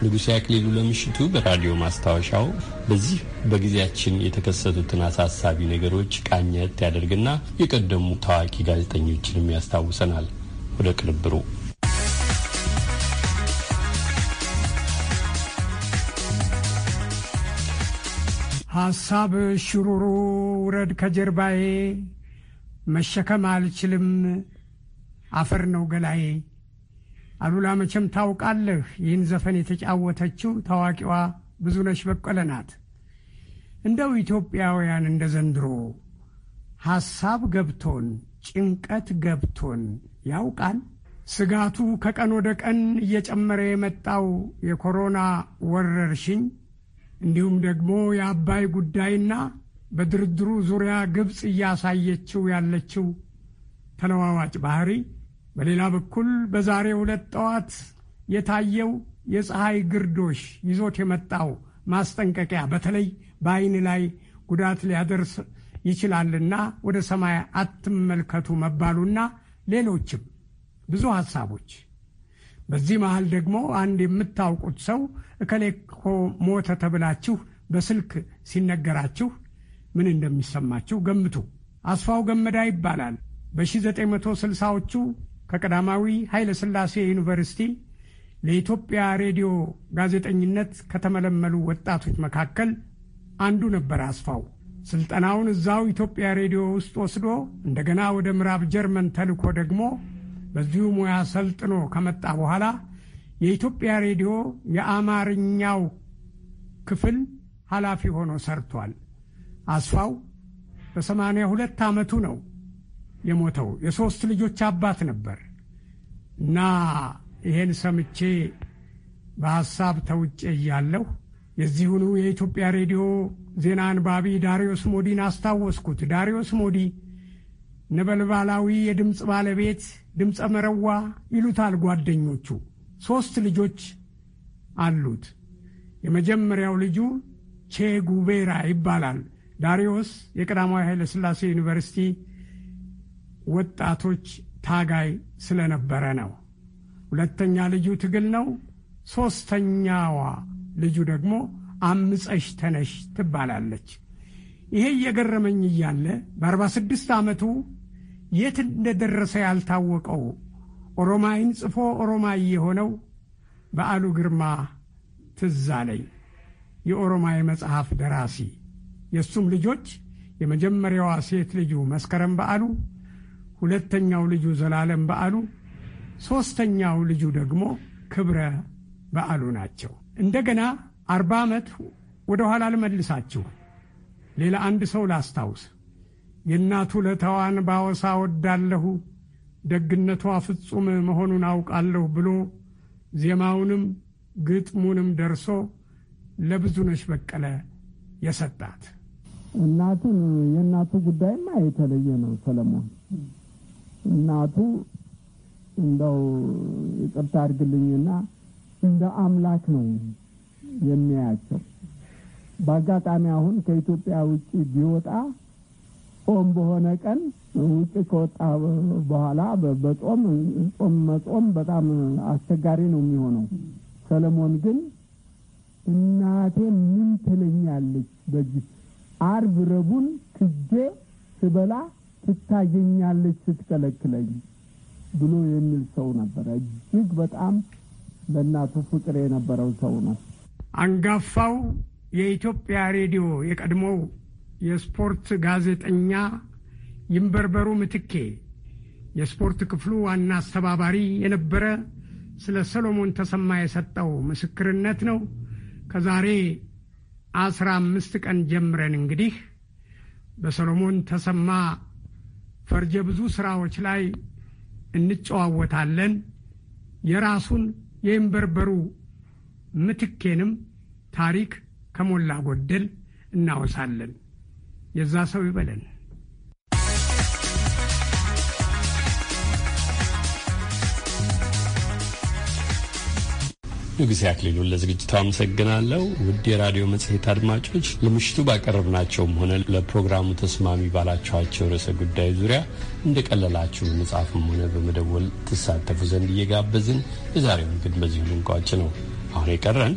ንጉሴ አክሊሉ ለምሽቱ በራዲዮ ማስታወሻው በዚህ በጊዜያችን የተከሰቱትን አሳሳቢ ነገሮች ቃኘት ያደርግና የቀደሙ ታዋቂ ጋዜጠኞችንም ያስታውሰናል። ወደ ቅንብሩ ሐሳብ ሽሩሩ ውረድ ከጀርባዬ መሸከም አልችልም አፈር ነው ገላዬ። አሉላ መቼም ታውቃለህ፣ ይህን ዘፈን የተጫወተችው ታዋቂዋ ብዙነሽ በቀለ ናት። እንደው ኢትዮጵያውያን እንደ ዘንድሮ ሐሳብ ገብቶን ጭንቀት ገብቶን ያውቃል። ስጋቱ ከቀን ወደ ቀን እየጨመረ የመጣው የኮሮና ወረርሽኝ እንዲሁም ደግሞ የአባይ ጉዳይና በድርድሩ ዙሪያ ግብፅ እያሳየችው ያለችው ተለዋዋጭ ባህሪ፣ በሌላ በኩል በዛሬ ሁለት ጠዋት የታየው የፀሐይ ግርዶሽ ይዞት የመጣው ማስጠንቀቂያ በተለይ በአይን ላይ ጉዳት ሊያደርስ ይችላልና ወደ ሰማይ አትመልከቱ መባሉና ሌሎችም ብዙ ሐሳቦች። በዚህ መሃል ደግሞ አንድ የምታውቁት ሰው እከሌ እኮ ሞተ ተብላችሁ በስልክ ሲነገራችሁ ምን እንደሚሰማችሁ ገምቱ። አስፋው ገመዳ ይባላል። በ1960ዎቹ ከቀዳማዊ ኃይለ ሥላሴ ዩኒቨርሲቲ ለኢትዮጵያ ሬዲዮ ጋዜጠኝነት ከተመለመሉ ወጣቶች መካከል አንዱ ነበር። አስፋው ስልጠናውን እዛው ኢትዮጵያ ሬዲዮ ውስጥ ወስዶ እንደገና ወደ ምዕራብ ጀርመን ተልኮ ደግሞ በዚሁ ሙያ ሰልጥኖ ከመጣ በኋላ የኢትዮጵያ ሬዲዮ የአማርኛው ክፍል ኃላፊ ሆኖ ሰርቷል። አስፋው በሰማንያ ሁለት ዓመቱ ነው የሞተው። የሦስት ልጆች አባት ነበር እና ይሄን ሰምቼ በሐሳብ ተውጬ እያለሁ የዚሁኑ የኢትዮጵያ ሬዲዮ ዜና አንባቢ ዳሪዮስ ሞዲን አስታወስኩት። ዳሪዮስ ሞዲ ነበልባላዊ የድምፅ ባለቤት ድምፀ መረዋ ይሉታል ጓደኞቹ። ሶስት ልጆች አሉት። የመጀመሪያው ልጁ ቼጉቬራ ይባላል። ዳሪዮስ የቀዳማዊ ኃይለ ሥላሴ ዩኒቨርሲቲ ወጣቶች ታጋይ ስለነበረ ነው። ሁለተኛ ልጁ ትግል ነው። ሦስተኛዋ ልጁ ደግሞ አምፀሽ ተነሽ ትባላለች። ይሄ እየገረመኝ እያለ በአርባ ስድስት ዓመቱ የት እንደደረሰ ያልታወቀው ኦሮማይን ጽፎ ኦሮማይ የሆነው በዓሉ ግርማ ትዝ አለኝ። የኦሮማይ መጽሐፍ ደራሲ የእሱም ልጆች የመጀመሪያዋ ሴት ልጁ መስከረም በዓሉ፣ ሁለተኛው ልጁ ዘላለም በዓሉ፣ ሦስተኛው ልጁ ደግሞ ክብረ በዓሉ ናቸው። እንደገና አርባ ዓመት ወደ ኋላ ልመልሳችሁ። ሌላ አንድ ሰው ላስታውስ። የእናቱ ለተዋን ባወሳ ወዳለሁ ደግነቷ ፍጹም መሆኑን አውቃለሁ ብሎ ዜማውንም ግጥሙንም ደርሶ ለብዙነሽ በቀለ የሰጣት እናቱን የእናቱ ጉዳይማ የተለየ ነው። ሰለሞን እናቱ እንደው ይቅርታ አድርግልኝና እንደ አምላክ ነው የሚያያቸው። በአጋጣሚ አሁን ከኢትዮጵያ ውጭ ቢወጣ ጾም በሆነ ቀን ውጭ ከወጣ በኋላ በጾም ጾም መጾም በጣም አስቸጋሪ ነው የሚሆነው። ሰለሞን ግን እናቴ ምን ትለኛለች በእጅ አርብ ረቡን ክጄ ስበላ ትታየኛለች ስትከለክለኝ ብሎ የሚል ሰው ነበረ። እጅግ በጣም ለእናቱ ፍቅር የነበረው ሰው ነው። አንጋፋው የኢትዮጵያ ሬዲዮ የቀድሞው የስፖርት ጋዜጠኛ ይንበርበሩ ምትኬ የስፖርት ክፍሉ ዋና አስተባባሪ የነበረ ስለ ሰሎሞን ተሰማ የሰጠው ምስክርነት ነው። ከዛሬ አስራ አምስት ቀን ጀምረን እንግዲህ በሰሎሞን ተሰማ ፈርጀ ብዙ ስራዎች ላይ እንጨዋወታለን። የራሱን የይንበርበሩ ምትኬንም ታሪክ ከሞላ ጎደል እናወሳለን። የዛ ሰው ይበለን። ንጉሴ አክሊሉን ለዝግጅቱ አመሰግናለሁ። ውድ የራዲዮ መጽሔት አድማጮች ለምሽቱ ባቀረብናቸውም ሆነ ለፕሮግራሙ ተስማሚ ባላችኋቸው ርዕሰ ጉዳይ ዙሪያ እንደ ቀለላችሁ መጽሐፍም ሆነ በመደወል ትሳተፉ ዘንድ እየጋበዝን የዛሬውን ምግድ በዚሁ ልንቋጭ ነው። አሁን የቀረን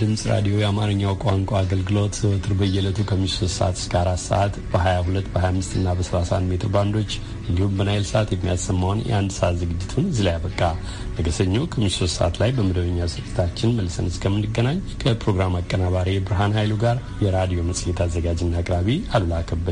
ድምፅ ራዲዮ የአማርኛው ቋንቋ አገልግሎት ዘወትር በየዕለቱ ከምሽቱ 3 ሰዓት እስከ 4 ሰዓት በ22 በ25 እና በ31 ሜትር ባንዶች እንዲሁም በናይል ሰዓት የሚያሰማውን የአንድ ሰዓት ዝግጅቱን እዚህ ላይ ያበቃ። ነገ ሰኞ ከምሽቱ 3 ሰዓት ላይ በመደበኛ ስርጭታችን መልሰን እስከምንገናኝ ከፕሮግራም አቀናባሪ ብርሃን ኃይሉ ጋር የራዲዮ መጽሔት አዘጋጅና አቅራቢ አሉላ ከበደ